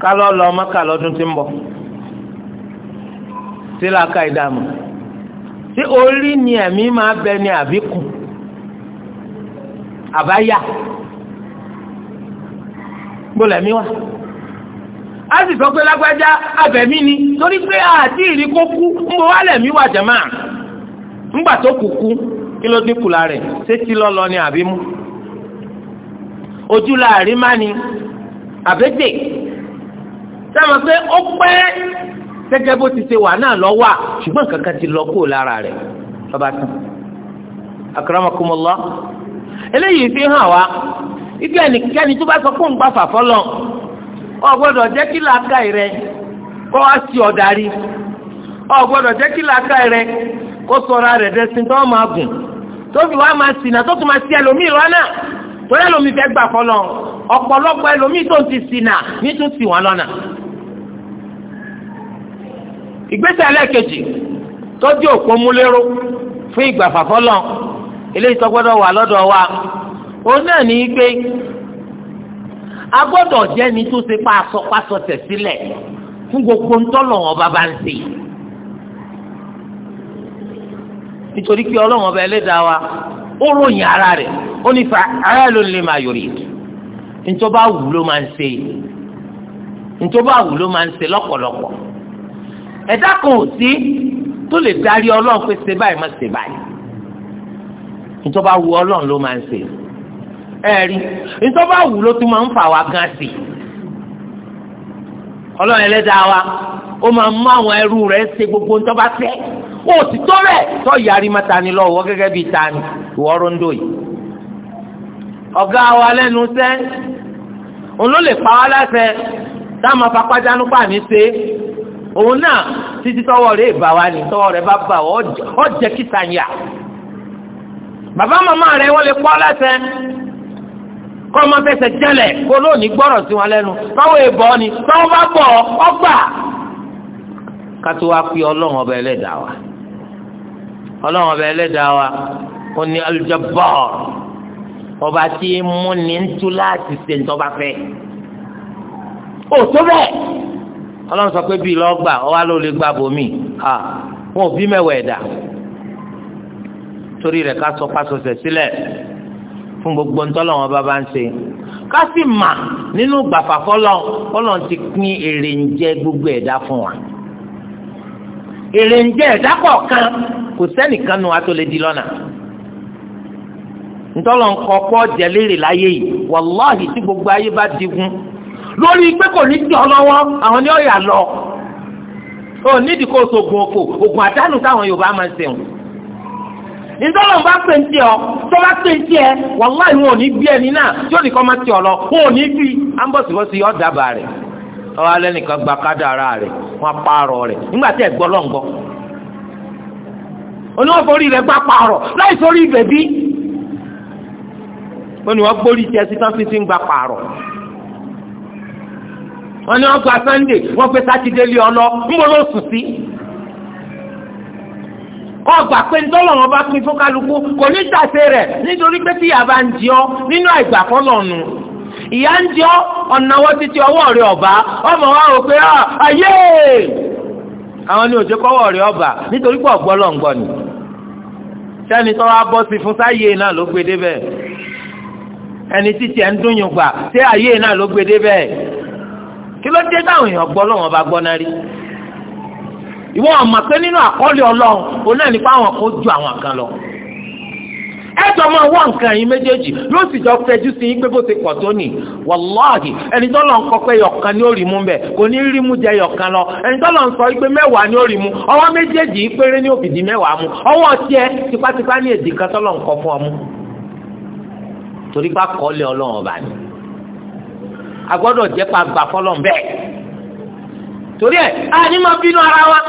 kalọ lọ maka lọ́dún tí ń mbọ sí làákà ìdààmú tí orí ni ẹ̀mí máa bẹ ni àbíkù àbáyà gbọ́dọ̀ ẹ̀mí wa a sì sọ pé lágbájá abẹ̀mí ni torí pé àti ìrí kó kú ń bọ̀ wálẹ̀ mí wa jẹ̀má ńgbà tó kù kú kí ló dínkù la rẹ̀ sétí lọ́lọ́ ni àbí mú ojú la àrí má ni àbẹ́tẹ̀ sábà pé ó pẹ́ gẹ́gẹ́ bó ti ṣe wà náà lọ wà ṣùgbọ́n kankan ti lọ kúrò lára rẹ̀ tán eléyìí fi hàn wá ibi ẹnikẹ́ni tó bá sọ fún gbà ọ gbọ́dọ̀ jẹ́ kí rẹ kó wá sí ọ̀darí ọ gbọ́dọ̀ jẹ́ kí làákàyè rẹ kó sọra rẹ̀ dẹ́sìn tó máa gùn tó fi wá máa sìnà tó tún máa sí ẹlòmíì ẹlòmíì fẹ́ gbà ọ̀pọ̀lọpọ̀ ẹlòmíì tó ní tún sì wọ́n lọ́nà. ìgbésẹ̀ ẹlẹ́ẹ̀kejì tọ́jú òpó múlẹ́rú fún ìgbà fàfọ́lọ́ eléyìí tó wà lọ́dọ̀ wa òun náà ní í pé a jẹ́ ní tó ṣe pa asọ́pasọ tẹ̀ sílẹ̀ fún gbogbo ńtọ́lọ̀ bá ń nítorí ẹlẹ́dàá wa ó ròyìn ẹ̀dá kan ò sí tó lè darí ọlọ́run pé ṣe báyìí má ṣe báyìí ìjọba wu ọlọ́run ló máa ń ṣe ẹ̀rí ìjọba wù ló tún máa ń fà wá gan sí ọlọ́run ẹlẹ́dàá wa ó máa mú àwọn ẹrú rẹ̀ ṣe gbogbo ìjọba fẹ́ ó sì tó rẹ̀ tó yàrí má tani lọ́wọ́ gẹ́gẹ́ bíi tani ìwọ rondo yìí ọ̀gá wa lẹ́nu sẹ́ òun ló lè pa wá láṣẹ táwọn ṣe òun náà títí tọwọ́ rẹ̀ bà wá ní tọwọ́ rẹ̀ bá bà wá ọ̀jẹ̀ kìtà yà bàbá màmá rẹ̀ wọ́n lè kọ́ lẹ́sẹ̀ kọ́ ọmọ fẹsẹ̀ jẹ́lẹ̀ kó lónìí gbọ́rọ̀ sí wọn lẹ́nu báwo ìbọn ni báwo bá bọ̀ ọgbà kátó wá pé ọlọ́run ọba ẹlẹ́dàá wa ọlọ́run ọba ẹlẹ́dàá wa ó ní Al-Jabbar ọba tí múni ń tú láti ṣe ní tọ́ba fẹ́ òtó bẹ́ẹ̀ ọlọ́run sọ pé bíi lọ́gbà ọwá ló lè gbà bòmí à wọn ò bí mẹ́wàá ẹ̀dá torí rẹ̀ ká sọ pásọsẹ̀ sílẹ̀ fún gbogbo ntọ́lọ́wọ́n bá bá ń ṣe ká sì mà nínú gbàfà fọlọ́ fọlọ́ ti pín èrè ń jẹ gbogbo ẹ̀dá fún wa èrè ń jẹ ẹ̀dá kọ̀ọ̀kan kò sẹ́nìkan nu ató lè di lọ́nà ntọ́lọ́ ń pọ́ jẹ lérè láyé yìí wàláhì tí gbogbo ayé bá digun lórí pé kò ní jọ lọ́wọ́ àwọn ni ó yà lọ ó nídìí kó so oko oògùn àdánù táwọn Yorùbá máa ń sèwọn ìdọ́lọ̀ bá pè ń ọ tó bá pè ń tí ẹ wàláì wọn ò ní bí ẹni náà tí ó nìkan máa ọ lọ wọn ò ní bí ọ rẹ̀ alẹ́ nìkan gba rẹ̀ wọ́n rẹ̀ nígbà tí ẹ gbọ́ ń gba wọn ni wọn gba Sunday wọn gbé sátidé lé ọ lọ ńbọ ló sùn sí. ọgbà pé ńtọ́lọ̀ wọn bá pín fún kálukú kò ní dàsé rẹ̀ nítorí pé tíyà bá ń jẹ ọ́ nínú àìgbà kọ́lọ̀nù ìyá ń jẹ ọ́ ọ̀nà wọ́n ti ti ọwọ́ rẹ̀ ọ̀bá ọmọ wa rò pé ayé àwọn ni òjò kọ́wọ́ rẹ̀ ọ̀bà nítorí pé ọ̀gbọ́ lọ́ ń gbọ́ ni sẹ́ni tó wá bọ́ sí fún sáyé náà ló gbé ẹni títí ẹ̀ ń gbà náà ló gbé kí ló dé táwọn èèyàn gbọ́ lọ́wọ́n bá gbọ́ náà rí ìwọ ọmọ pé nínú àkọọ́lẹ̀ ọlọ́run òun náà nípa àwọn kó ju àwọn kan lọ ẹjọ máa wá nǹkan yìí méjèèjì ló sì jọ fẹjú sí yín pé bó ti tó nì lọ ń kọ pé ni ó rí mú kò ní rí mú jẹ lọ ẹni tó lọ ń sọ pé di agbọ́dọ̀ jẹ́ pa gbà fọlọ́ bẹ́ẹ̀ torí ẹ̀ a ní máa bínú ara wa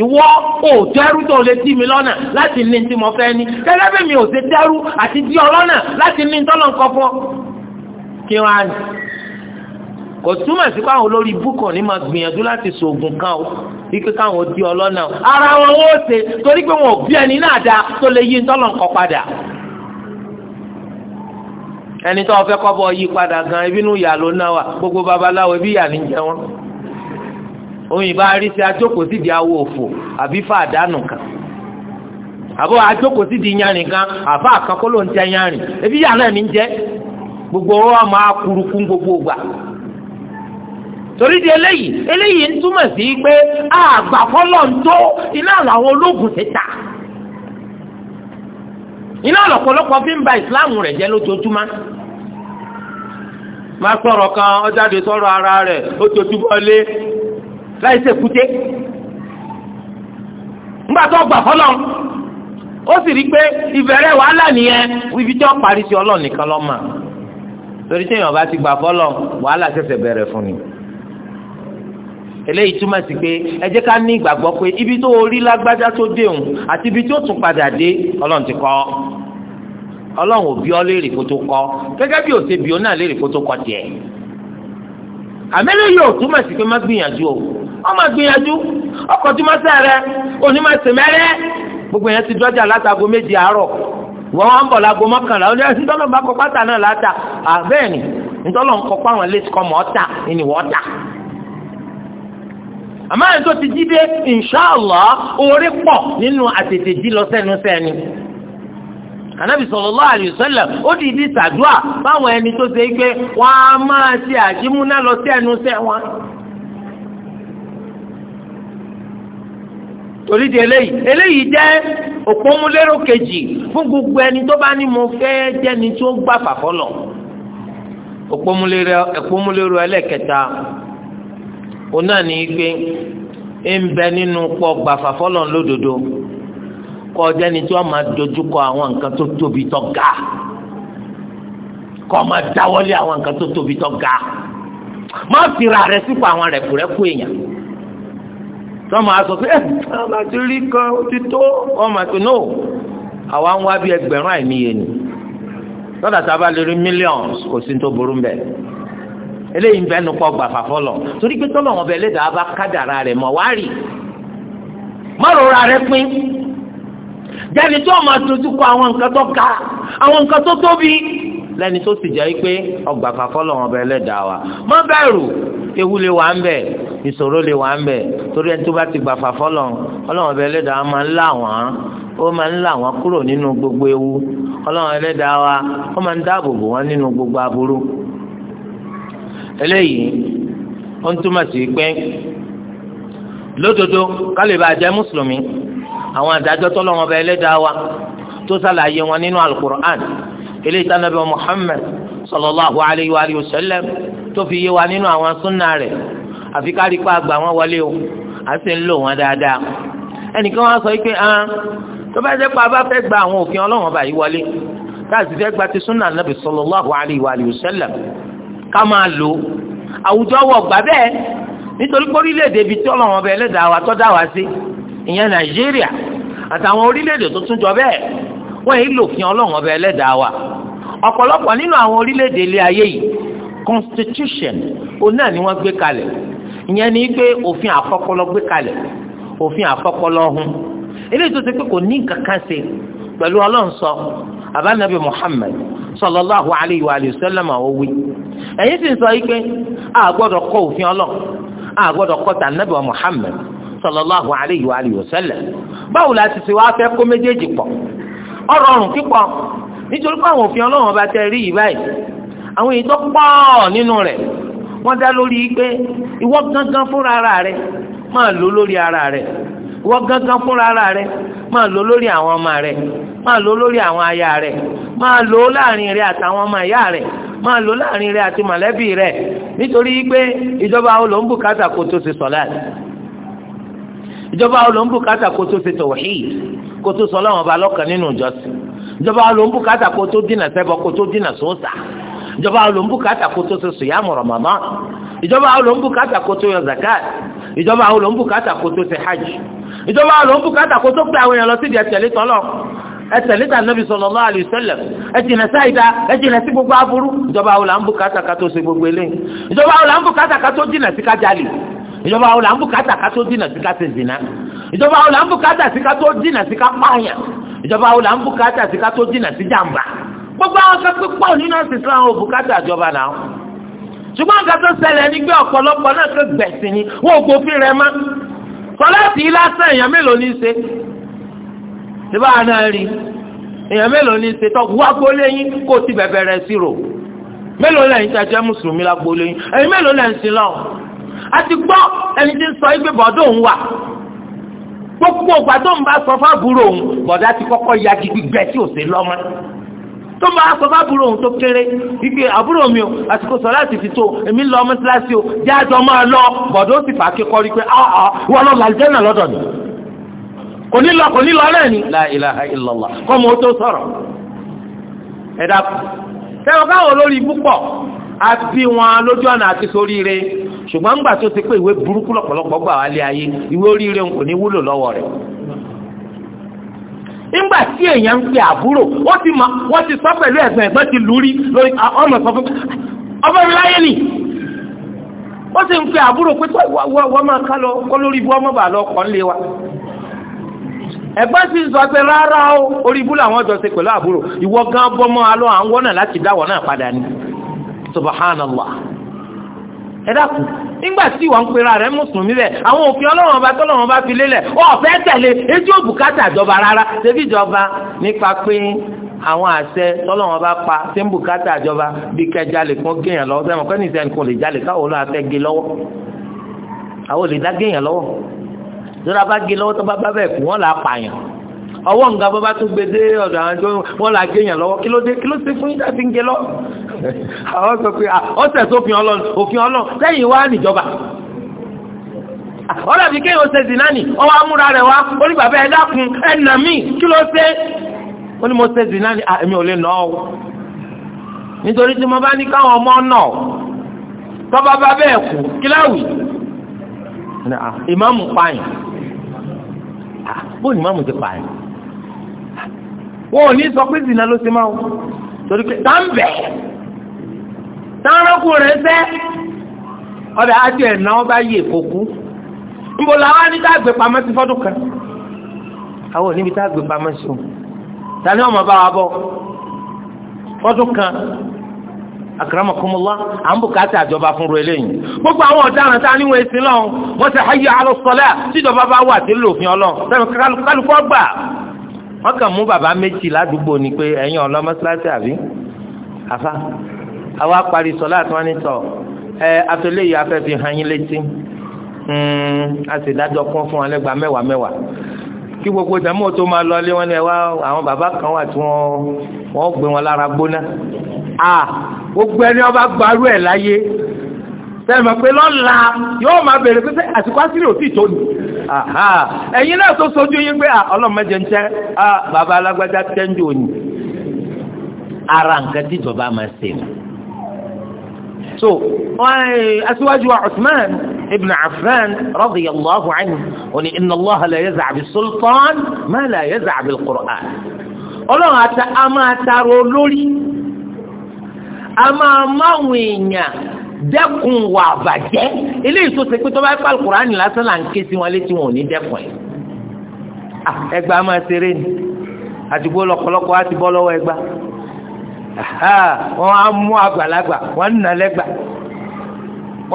ìwọ ò dẹrú tó lè dí mi lọ́nà láti ní tí mo fẹ́ ní gẹ́gẹ́ bí mi ò ṣe dẹrú àti dí ọ lọ́nà láti ní tọ́lọ̀ ń kọ́kọ́ kí wọ́n á ní kò túmọ̀ sí káwọn olórí búkọ̀ ní máa gbìyànjú láti ṣoògùn kan o ike káwọn dí ọ lọ́nà ara wọn ó ṣe torí pé wọn ò bí ẹni náà dáa tó lè yí tọ́lọ̀ ń kọ́ padà. ẹni tó fẹ́ kọ́bọ̀ yí padà gan yà gbogbo babaláwo ibi yà ní jẹ wọn òyìnbá arísí ajókòó sídìí awo òfò àbí fàdánù kan àbọ̀ àjókòó sídìí yanrìn kan ló ń jẹ yanrìn ibi yà náà ní jẹ gbogbo máa gbogbo gbà torí di eléyìí eléyìí ń túmọ̀ sí pé iná ọ̀lọ́pọ̀lọpọ̀ fi ń ba ìsìláàmù rẹ̀ jẹ́ lójoojúmọ́ máa sọ̀rọ̀ kan ọjáde sọ̀rọ̀ ara rẹ̀ ó Otu lé láì ṣèkúté nígbà tó gbà fọlọ́ ó sì rí i pé ìbẹ̀rẹ̀ wàhálà nìyẹn ibi tí wọ́n parí sí torí tí èèyàn bá ti gbà fọlọ́ wàhálà ṣẹ̀ṣẹ̀ eléyìí túmọ̀ sí pé ẹ ká ní ìgbàgbọ́ ibi tó orí lágbájá tó dé òun àti ibi tó tún padà dé ọlọ́run ti kọ́ ọlọ́run ò bí ọ léèrè kó tó kọ́ gẹ́gẹ́ bí òsè bí ọ náà léèrè kó tó kọ́ tiẹ̀ o ọ máa gbìyànjú ọkọ̀ tí gbogbo yẹn ti dọ́jà látago méje àárọ̀ wọ́n wá ń bọ̀ mọ́kànlá ó ní tọ́lọ́ bá pátá náà àbẹ́ẹ̀ni ń àmọ́ àwọn tó ti jí dé inṣàlá orí pọ̀ nínú àtètè jí lọ sẹ́nu sẹ́ni. Ànábì sallallahu alayhi ó di ìdí sàdúà fáwọn ẹni tó ṣe pé wọ́n á máa ṣe àjímúná lọ di eléyìí eléyìí je òpómúlérò kejì fún gbogbo ẹni tó bá ní mo fẹ́ jẹ́ni tó gbà fàfọ́ ona ni ní pé ń bẹ nínú pọ lododo fọlọ́n lódodo kọ́ ọjọ́ ni tí wọ́n máa dojú kọ àwọn nǹkan tó tóbi tó ga kọ́ ọ máa dáwọ́lé àwọn nǹkan tó tóbi tó ga má fira rẹ sípò àwọn rẹ̀kùrẹ́kù èèyàn tí wọ́n máa sọ pé ẹ ọmọ àti rí kan ó ti tó ọmọ no àwa ń wá bí ẹgbẹ̀rún àìníye ni lọ́dà tá a bá lè rí mílíọ̀nù kò sí ní tó burú mbẹ́. eléyìí ń bẹ nu kọ gbàfà fọlọ torí pé tọ́lọ̀ wọn bẹ lẹ́dàá bá kádàrà rẹ̀ mọ̀ wá rì má rora rẹ pín jáde tó máa dojú kọ àwọn nǹkan tó ka àwọn nǹkan tó tóbi lẹ́ni tó sì jẹ́ pé ọgbàfà fọlọ̀ wọn bẹ lẹ́dàá wa má bẹ̀rù ewu lè wà ń bẹ̀ ìṣòro lè wà ń bẹ̀ torí ẹni tó bá ti gbàfà fọlọ̀ ọlọ́wọ́n bẹ máa ń là wọ́n ó máa ń là wọ́n kúrò nínú gbogbo ewu ọlọ́wọ́n ẹlẹ́dàá wa ó máa ń dáàbò bò wọ́n nínú gbogbo aburú eléyìí ó ń túmọ̀ sí pé lódodo kálí bá jẹ́ mùsùlùmí àwọn àdájọ́ tọ́lọ́wọ́n bá ẹlẹ́dàá wa tó sàlàyé wọn nínú alukur'an eléyìí tánàbí Muhammad sallallahu alayhi wa alihi wa sallam tó fi yé wa nínú àwọn súnà rẹ̀ àfi kárí pa àgbà wọn wọlé o à sì ń lò wọn dáadáa ẹnìkan wọn sọ pé ah tó bá jẹ́ pé a bá fẹ́ gba àwọn òfin ọlọ́wọ́n bá wọlé táà fẹ́ gba ti súnà nàbì sallallahu alayhi wa alihi wa sallam ká máa lò ó àwùjọ wọ̀ gbà bẹ́ẹ̀ nítorí pé orílẹ̀-èdè ibi tí ọlọ́run ọbẹ̀ ẹlẹ́dàá wa tọ́ dá wa sí ìyẹn nàìjíríà àtàwọn orílẹ̀-èdè tó tún jọ bẹ́ẹ̀ wọ́n yìí lòfin ọlọ́run ọbẹ̀ ẹlẹ́dàá wa ọ̀pọ̀lọpọ̀ nínú àwọn orílẹ̀-èdè ilé ayé yìí constitution òun náà ni wọ́n gbé kalẹ̀ ìyẹn ni pé òfin àfọpọlọ gbé kalẹ̀ òfin àfọpọlọ hun eléyìí tó ti pé kò ní nǹkan kan ṣe pẹ̀lú ọlọ́run sọ àbánabi Muhammad sallallahu alayhi wa sallam ó wí ẹ̀yin sì ń sọ yìí pé a gbọ́dọ̀ kọ́ òfin ọlọ́ a gbọ́dọ̀ kọ́ tànàbí wa Muhammad sallallahu alayhi wa sallam báwo la ti ti wá fẹ́ kó méjèèjì pọ̀ ọ̀rọ̀ ọ̀rùn pípọ̀ nítorí pé àwọn òfin ọlọ́run ọba tẹ rí yìí báyìí àwọn èyí tó pọ̀ nínú rẹ̀ wọ́n dá lórí pé ìwọ gangan fúnra ara máa lò lórí ara rẹ̀ wọ́n gángan fúnra ara rẹ̀ máa lò lórí àwọn ọmọ rẹ máa lò lórí àwọn aya rẹ̀ máa lò láàrin rẹ̀ àtàwọn ọmọ ìyá rẹ̀ máa lò láàrin rẹ̀ àti mọ̀lẹ́bí rẹ̀ nítorí pé ìjọba olóńbùkátà kò tó ṣe sọ̀lá ìjọba olóńbùkátà kò tó ṣe tawhid kò tó sọ láwọn ọba lọ́kàn nínú ìjọsìn ìjọba olóńbùkátà kò tó dínà sẹ́bọ̀ tó dínà sóòsà ìjọba tó ìjọba tó yọ zakat ìjọba àwọn olóńbùkátà kó tó ṣe hajj ìjọba àwọn olóńbùkátà kó tó pé àwọn èèyàn lọ síbi ẹ̀tẹ̀lé tọ́lọ̀ ẹ̀tẹ̀lé tà nàbì sallallahu alaihi wasallam ẹ̀jìnà sáìdá ẹ̀jìnà sí gbogbo aburú ìjọba àwọn olóńbùkátà ká tó ṣe gbogbo eléyìí ìjọba àwọn olóńbùkátà ká tó jìnà sí kájálì ìjọba àwọn olóńbùkátà ká tó jìnà sí ká ṣe zìnà ìjọba àwọn olóńbùkátà sí ká tó jìnà sí ká pààyàn ìjọba àwọn olóńbùkátà sí ká tó jìnà sí jàǹbá gbogbo àwọn kan pípọ̀ nínú ẹ̀sìn Islam òbùkátà ìjọba náà ṣùgbọ́n nǹkan tó ṣẹlẹ̀ ní pé ọ̀pọ̀lọpọ̀ náà tó gbẹ̀sìn ni wọ́n ò gbófin rẹ̀ mọ́ sọláàtì lásán èèyàn mélòó ní í ṣe síbá náà rí èèyàn mélòó ní í ṣe tó wá gbólé yín kó ti bẹ̀bẹ̀ rẹ̀ sí rò mélòó lẹ́yìn tí a jẹ́ mùsùlùmí la gbólé yín èyí mélòó lẹ́yìn sí lọ́wọ́ a ti gbọ́ ẹni tí ń sọ igbe bọ́dọ̀ òun wà gbogbo ìgbà tó ń bá sọ fábùrò òun bọ̀dá ti kọ́kọ́ ya gidi gbẹ tí ò tó máa sọ fábúrò òun tó kéré wípé àbúrò mi o àsìkò sọ láti fi tó èmi lọ mọ́sálásí o jáàjọ máa lọ bọ̀dọ̀ sì fà á kékọ́ rí pé ọ̀ọ́ ah, ah, wọ́n lọ làlùjẹ́nà lọ́dọ̀ ni kò ní lọ kò ní lọ náà ni la ilaha illallah kọ́ mọ́ tó sọ̀rọ̀ ẹ dákun tẹ́wọ́ káwọn olórí púpọ̀ á bí wọn lójú ọ̀nà àti soríire ṣùgbọ́n ńgbà tó ti pé ìwé burúkú lọ́pọ̀lọpọ̀ gbà wálé ayé ìwé oríire òun kò ní wúlò lọ́wọ́ rẹ̀ nígbà tí èèyàn ń pe àbúrò ó ti mọ wọ́n ti sọ pẹ̀lú ẹ̀sìn ẹ̀gbọ́n ti lù rí lórí ọmọ sọ fún ọmọ mi láyé nì ó sì ń pe àbúrò pé wọ́n máa ká lọ kọ́ lórí ibú ọmọ bà lọ kọ́ nílé wa ẹ̀gbọ́n sì ń sọ pé rárá o orí ibú làwọn jọ ṣe pẹ̀lú àbúrò ìwọ gan bọ́mọ́ alọ́ àwọn náà láti dáwọ̀ náà padà ní subhanallah ẹ dákun nígbà tí ìwà ń pera rẹ̀ mùsùlùmí bẹ àwọn òfin Ọlọ́run ọba tọ́lọ́run ọba fi lélẹ̀ ọ̀fẹ́ tẹ̀lé etí òbúkátà ìjọba rárá ṣebí ìjọba nípa pé àwọn àṣẹ tọ́lọ́run ọba pa ṣé ń bùkátà ìjọba bí kẹjà lè kún géèyàn lọ́wọ́ sẹ́wọ̀n kẹ́ni ìṣẹ́ nìkan lè jalè káwọn olóhùn afẹ́ gé lọ́wọ́ àwọn olè dá géèyàn lọ́wọ́ tó ọwọ́ nǹkan bọ́ bá tún gbé dé ọ̀dọ̀ àwọn tó wọ́n là géèyàn lọ́wọ́ kí ló dé kí ló ṣe fún yídá fi ń gé lọ. àwọn sọ pé ọ̀sẹ̀ tó fi ọlọ́run òfin ọlọ́run lẹ́yìn wá níjọba. ọlọ́bì kéèyàn ṣe zìnnà nì ọwọ́ amúra rẹ̀ wá orí bàbá ẹ̀ dákun ẹ̀ nà mí kí ló ṣe. ó ní mo ṣe zìnnà nì èmi ò lè nà ọ́ nítorí tí mo bá ní káwọn ọmọ náà tọ́ba bá bẹ́ẹ̀ kú kíláwì ìmáàmù pààyàn bóyá ìmáàmù ti pààyàn wọn ò ní sọ pé zina ló ti máa wò torí pé táǹbẹ̀ táǹrọ́kù rẹ̀ sẹ́ ọ̀dà àti ẹ̀nà ọba yè kókú níbo làwọn ní tá a gbé pamọ́ sí fọ́dún kan àwọn ò níbi tá a gbé pamọ́ sí o tani ọmọ bá wa bọ̀ fọ́dún kan akramakumullah à ń bùkátà àjọba fún ru eléyìí gbogbo àwọn ọ̀daràn tá a níwọ̀n èsì lọ́hùn wọ́n ti hayya ala salat tíjọba bá wà sí lòfin ọlọ́run sẹ́mi kálukọ́ gbà wọ́n kàn mú bàbá méjì ládùúgbò ni pé ẹ̀yin ọlọ́mọ́síláṣí àbí àfa àwa parí sọlá àti wọn ní sọ ẹ afẹlẹyìí afẹfi hàn yín létí hmm, a sì dájọ́ kún fún wọn lẹ́gbàá mẹ́wàá mẹ́wàá kí gbogbo jàmọ́ tó máa lọ lé wọn ni wá àwọn bàbá kan wà tí wọ́n wọ́n gbé wọn lára gbóná a gbogbo ẹni ọba gbarú ẹ̀ láyé sẹ́mi pé lọ́la yóò máa bèrè pé àsìkò àṣírí ò tí ì tó ni. ẹ̀yin náà tó sojú yín pé ọlọ́mọdé ń tẹ́ bàbá alágbájá tẹ́ńdù òní. ara nǹkan tíjọba máa ṣe ni. so aṣíwájú wa Uthman ibn Affan radiyallahu anhu òní inna Allaha la yaz'a bi sultan ma la yaz'a bil Qur'an. ọlọ́run àti a máa lórí a máa máwùn èèyàn dẹ́kun wà bàjẹ́ eléyìí tó ṣe pé tó bá pa alukurani lásán là ń ké sí wọn létí wọn ò ní dẹ́kun ẹ̀. Ah, ẹgbàá máa ṣeré ni àdìgbò lọ́kọ̀lọ́kọ̀ ti bọ́ lọ́wọ́ ẹgbàá wọ́n á mú àgbàlagbà wọ́n nà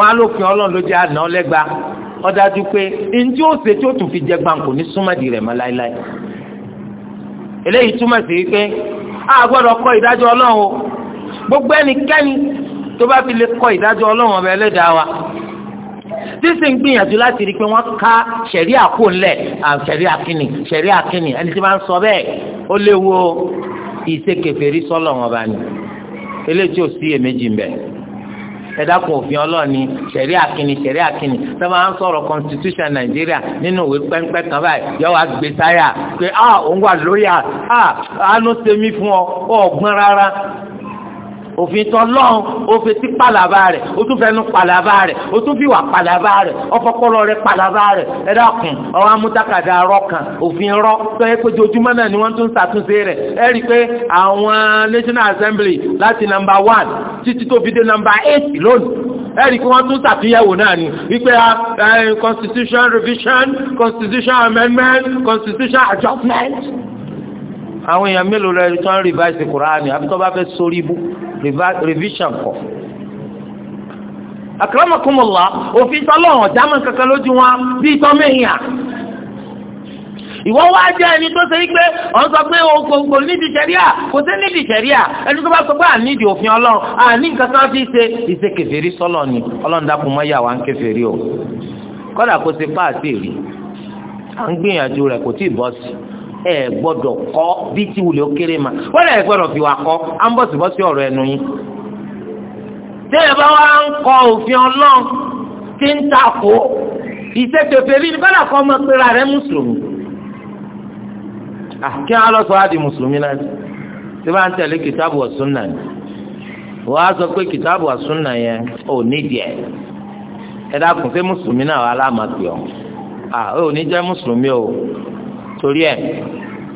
á lófin àná pé njẹ́ ó ṣe tí ó tún fi jẹ ní súnmọ́dì rẹ̀ mọ́ láéláé a gbogbo ẹnikẹ́ni tó bá fi lè kọ ìdájọ́ ọlọ́run ọba ẹlẹ́dàá wa tí sì ń gbìyànjú láti rí i pé wọ́n ká ṣẹ̀rí àpò ńlẹ̀ ṣẹ̀rí àkínì ṣẹ̀rí àkínì ẹni tí máa ń sọ bẹ́ẹ̀ ó léwu ìṣe kèfèrí sọ́lọ́run ọba ni eléyìí tí sí èméjì ń bẹ ẹ̀dákun òfin ọlọ́ọ̀ni ṣẹ̀rí àkínní ṣẹ̀rí àkínní sábà ń sọ̀rọ̀ constitution nàìjíríà nínú ìwé pẹ́ńpẹ́ kan báyìí yọ wá gbé táyà pé ah òun wà lórí à ah àánú ṣe mí fún ọ ọ̀gbọ́n rárá òfin tọlọ́run ó fi tí palaba rẹ̀ ó tún fẹnu palaba rẹ̀ ó tún fìwà palaba rẹ̀ ọfọkọlọ rẹ̀ palaba rẹ̀ ẹ dákun ọwọ́ amútakàdá rọ kan òfin rọ tọ́yẹ pé ojoojúmọ́ náà ni wọ́n tún ṣàtúnṣe rẹ̀ ẹ rí i pé àwọn National Assembly láti nọ́mbà one títí tó fi dé nọ́mbà eight lónìí ẹ rí i pé wọ́n tún ṣàtúnyẹ̀wò náà ni wípé constitution revision constitution amendment constitution adjustment. àwọn èèyàn mélòó lọ ẹni tó ń rìváìsì kùránì àbí tó bá fẹ́ sórí ibú rìvíṣàn kọ̀. àkàràmọ̀kùnmọ̀lá òfin tọ́lọ́hàn jámọ̀ kankan lójú wọn bí tọ́ mẹ́yìn à. wá jẹ́ ẹni tó ṣe pé ọ̀ ń sọ pé kò nídìí ṣẹ̀ríà kò sí nídìí ṣẹ̀ríà ẹni tó bá sọ pé ànídìí òfin ọlọ́run àní nǹkan kan fi ṣe ìṣe sọ́lọ̀ ni ọlọ́run dákun ẹ kọ́ bí tí ó kéré ma wọ́n na gbọ́dọ̀ fi wà kọ́ à ń bọ̀sibọ́sí ọ̀rọ̀ ẹnu yín. tẹ́lẹ̀ bá wá ń kọ òfin ọlọ́run tí ń takò ìṣètòfẹ́ bí kọ́lá kọ́ ọmọ pera rẹ̀ mùsùlùmí. kí wọ́n lọ sọ wá di mùsùlùmí náà tí wọ́n ń tẹ̀lé kìtàbù ọ̀sùn náà wọ́n á sọ pé kìtàbù ọ̀sùn náà yẹn ò ẹ dákun mùsùlùmí náà o torí ẹ̀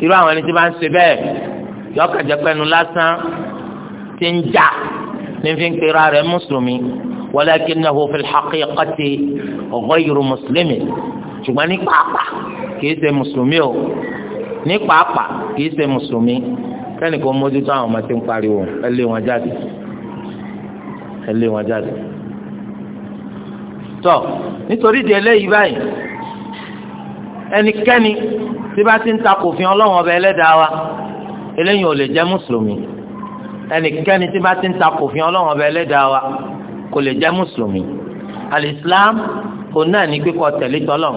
irú àwọn ẹni tí bá ń ṣe bẹ́ẹ̀ yọ kàjẹ́ pẹ́nu lásán ti ń jà ní fi ń pera rẹ̀ mùsùlùmí walakinahu fil haqiqati ghayru mùsùlùmí ṣùgbọ́n ní pàápàá kìí ṣe mùsùlùmí o ní pàápàá kìí ṣe mùsùlùmí kẹ́ni kò mójútó àwọn ọmọ tí ń pariwo ẹ lé wọn jáde ẹ lé wọn jáde. tọ́ nítorí di eléyìí báyìí ẹnikẹ́ni tí bá ti ń ta kòfin ọlọ́run ọba ẹlẹ́dàá wa eléyìí ò lè jẹ́ mùsùlùmí ẹnikẹ́ni tí bá ti ń ta kòfin ọlọ́run ọba ẹlẹ́dàá wa kò lè jẹ́ mùsùlùmí alìsílám kò náà ní pé tẹ̀lé tọ́lọ̀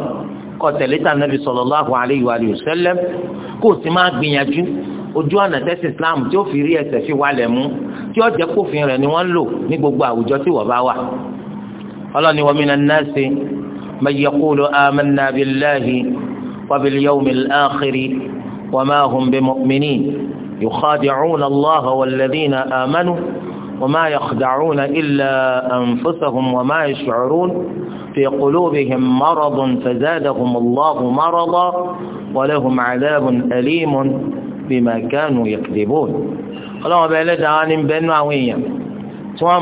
kó tẹ̀lé tà nàbì sallallahu alayhi wa sallam kó o sì máa gbìyànjú ojú ọ̀nà tẹ́sí islam tí ó fi rí ẹsẹ̀ fi wálẹ̀ mú tí ó jẹ́ kófin rẹ̀ ni wọ́n lò ní gbogbo àwùjọ tí wọ́n bá wà ọlọ́ni wa minan nasi من يقول آمنا بالله وباليوم الآخر وما هم بمؤمنين يخادعون الله والذين آمنوا وما يخدعون إلا أنفسهم وما يشعرون في قلوبهم مرض فزادهم الله مرضا ولهم عذاب أليم بما كانوا يكذبون الله bẹ ẹlẹ́dàá بن معوية bẹ́ẹ̀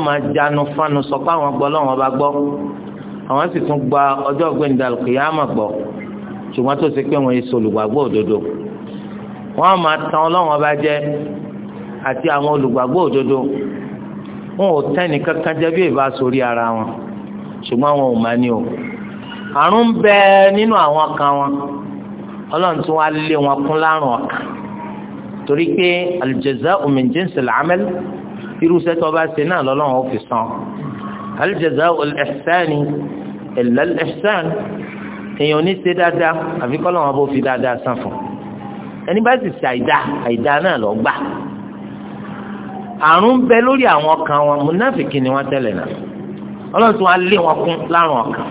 nú àwọn èèyàn tí wọ́n àwọn sì tún gba ọjọ́ gbẹ̀ndà kìyàmà gbọ́ ṣùgbọ́n tó ṣe pé wọ́n èso olùgbàgbọ́ òdodo wọ́n á máa tan ọlọ́wọ́n bá jẹ́ àti àwọn olùgbàgbọ́ òdodo wọn ò tẹ́ni kankan jẹ́ bí ìbá sórí ara wọn ṣùgbọ́n wọn ò máa ní o àrùn bẹ nínú àwọn kan wọn ọlọ́run tún wá lé wọn kún lárùn ọ̀kan torí pé al jaza'u min irúṣẹ́ tó bá ṣe náà lọ́lọ́run ó fi san hal jazaa'ul ihsani illa al ihsan èèyàn ní ṣe dáadáa àfi kọ́ lọ́wọ́ bó fi dáadáa san fún ẹni bá sì ṣe àìdá àìdá náà lọ gbà àrùn bẹ lórí àwọn ọkàn wọn múnáfìkì ni wọ́n tẹ́lẹ̀ náà ọlọ́run tún wá lé wọn kún lárùn ọkàn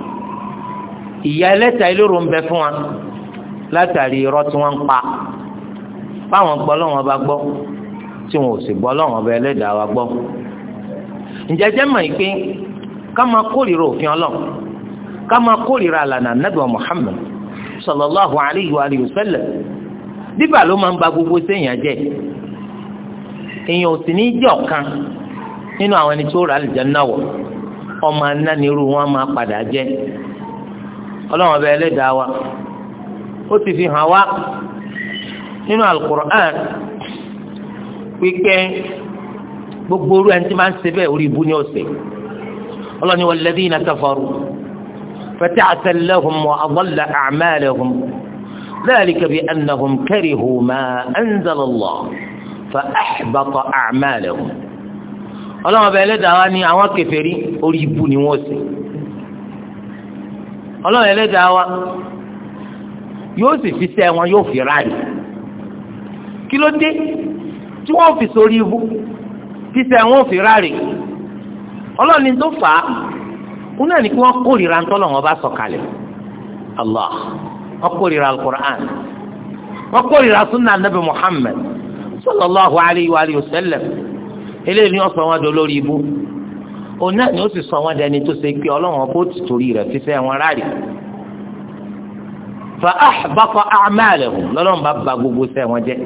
ìyá ẹlẹ́ta ìlóró ń bẹ fún wa látàrí irọ́ tí wọ́n ń pa báwọn gbọ́ lọ́wọ́n bá gbọ́ tí wọn ò sì gbọ́ lọ́wọ́n bá ẹlẹ́dàá wa gbọ́ ǹjẹ́ jẹ́ mọ̀ pé ká máa kórìíra òfin ọlọ́run ká máa kórìíra àlànà Muhammad sallallahu alayhi wa sallam bíbà ló máa ń ba gbogbo séèyàn jẹ́ èèyàn ò sì ní jẹ́ ọ̀kan nínú àwọn ẹni tí ó rà àlùjánnà ọmọ wọn máa padà jẹ́ ọlọ́run wa ó fi hàn wá nínú gbogbo orú ẹni tí máa ń ṣe ọlọ́ni walladhina kafaru fata'atan lahum wa adalla a'malahum dhalika bi annahum karihu ma anzala Allah fa ahbata a'malahum ọlọ́wọ́n bẹ́ẹ̀ lẹ́dàá wa ni àwọn kèfèrí orí ibu ni wọ́n sì ọlọ́wọ́n ẹlẹ́dàá wa yóò sì fi sẹ́ wọn yóò fi ráàyè kí ló dé tí wọ́n fi sórí ibu tí sẹ́ wọn fi ráàyè ọlọ́ọ̀ni tó fà á wọn náà ní kí wọ́n kórìíra ń tọ́lọ̀ wọn bá sọ̀kalẹ̀ allah wọ́n kórìíra alukur'an wọ́n kórìíra sunna nabi muhammed sallallahu alayhi wa alayhi wa sallam eléyìí ni wọ́n sọ wọn di olórí ibú òun náà ni ó sì sọ wọn dẹni tó ṣe pé ọlọ́wọ́n kó torí rẹ̀ fífẹ́ wọn ráàlì fa ahbata a'malahum lọ́lọ́run bá ba gbogbo sẹ́ jẹ́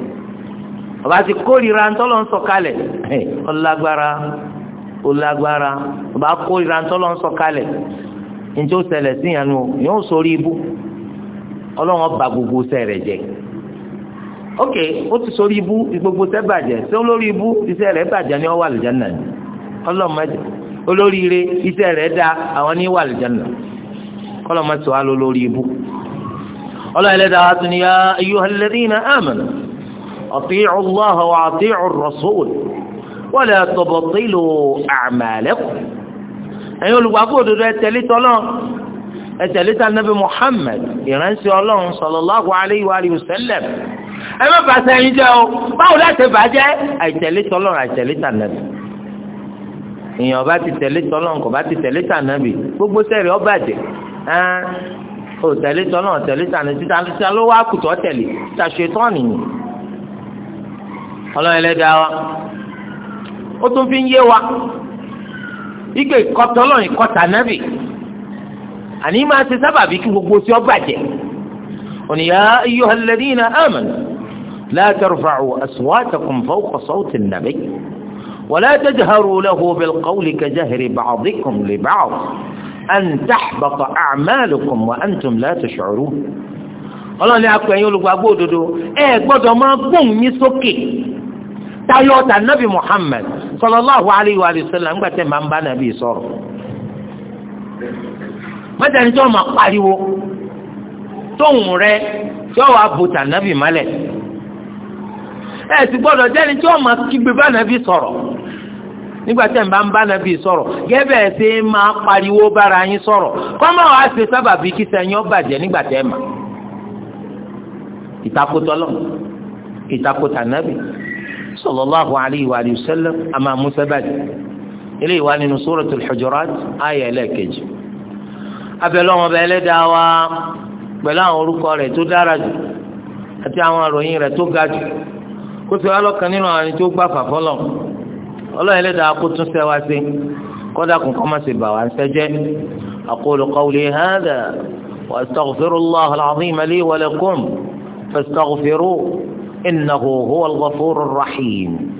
ọba ti kórìíra ń sọ̀kalẹ̀ ọlágbára ó lágbára bá kó ìrántọ́lọ́ ń sọ kalẹ̀ njẹ́ ó ṣẹlẹ̀ sí yẹn nu yóò sórí ibú ọlọ́run ba gbogbo sẹ́rẹ̀ jẹ́ ok ó ti sórí ibú gbogbo sẹ́ bàjẹ́ sẹ́ olórí ibú iṣẹ́ rẹ̀ bàjẹ́ ni ó wà lìjẹ́ nà ní ọlọ́mọdé olóríire iṣẹ́ rẹ̀ dá àwọn ní wà lìjẹ́ nà ọlọ́mọdé sọ wà lórí ibú ọlọ́ọ̀lẹ́dàá wa tún ni yá ayyuhalladhina amanu ati'u Allah wa ati'u ar-rasul wala tubtilu a'malakum ẹ̀yin olùgbàgbọ́ òdodo ẹ tẹ̀lé tọ́lọ́ ẹ tẹ̀lé tà nàbì Muhammad ìránṣẹ́ ọlọ́run sallallahu alayhi wa alihi wa sallam ẹ má bàtà ẹ̀yin jẹ́ o báwo láti bàjẹ́ àìtẹ̀lé tọ́lọ́ àìtẹ̀lé tà nàbì èèyàn bá ti tẹ̀lé tọ́lọ́n kò bá ti tẹ̀lé tànàbì gbogbo sẹ́rẹ̀ ọba jẹ́ ẹ́n ò tẹ̀lé ó tún fi ń yé wa ike ìkọtọlọ ìkọta nábì àní máa ṣe sábàbí kí gbogbo tí ó bàjẹ́ ònìyà ayyuhal ladina amanu la tarfa'u aswatakum fawqa sawti an-nabi wa la tajharu lahu bil qawli ka jahri ba'dikum li ba'd an tahbata a'malukum wa antum la tash'urun ọlọ́ni akọ ẹ̀yin olùgbàgbọ́ òdodo ẹ gbọ́dọ̀ máa gbóhùn yín sókè tayọ ta nabi muhammed sallallahu alayhi wa sallam ńgbà tẹ máa ń bá nàbí sọ̀rọ̀ mẹtẹni tí wọn máa pariwo tóun rẹ tí wọn wàá bùtà nàbí malẹ ẹ sì gbọ́dọ̀ jẹni tí wọn máa kígbe bá nàbí sọ̀rọ̀ nígbà tẹ n bá ń bá nàbí sọ̀rọ̀ gẹbẹ ṣe máa pariwo bára yín sọ̀rọ̀ kọ́mọ wa ṣe sábàbí kí sẹ́yìn ọ̀bàjẹ́ nígbà tẹ ẹ mà ìtakùtọ̀ lọ sallallahu alayhi wa sallam a máa mú sábàdì eléyìí wá nínú suratul hujurat àyá ẹlẹ́ẹ̀kejì abẹ́lẹ́ ọmọ ọba ẹlẹ́dàá wa pẹ̀lú àwọn orúkọ rẹ̀ tó dára jù àti àwọn àròyìn rẹ̀ tó ga jù kó ti wá lọ́kàn nínú àwọn ẹni tó gbà fàfọ́lọ̀ ọlọ́run ẹlẹ́dàá kó tún ṣe wá sí kọ́dàkùn kọ́ má ṣe bà wá ń ṣẹ́jẹ́ aqulu qawli إنه هو الغفور الرحيم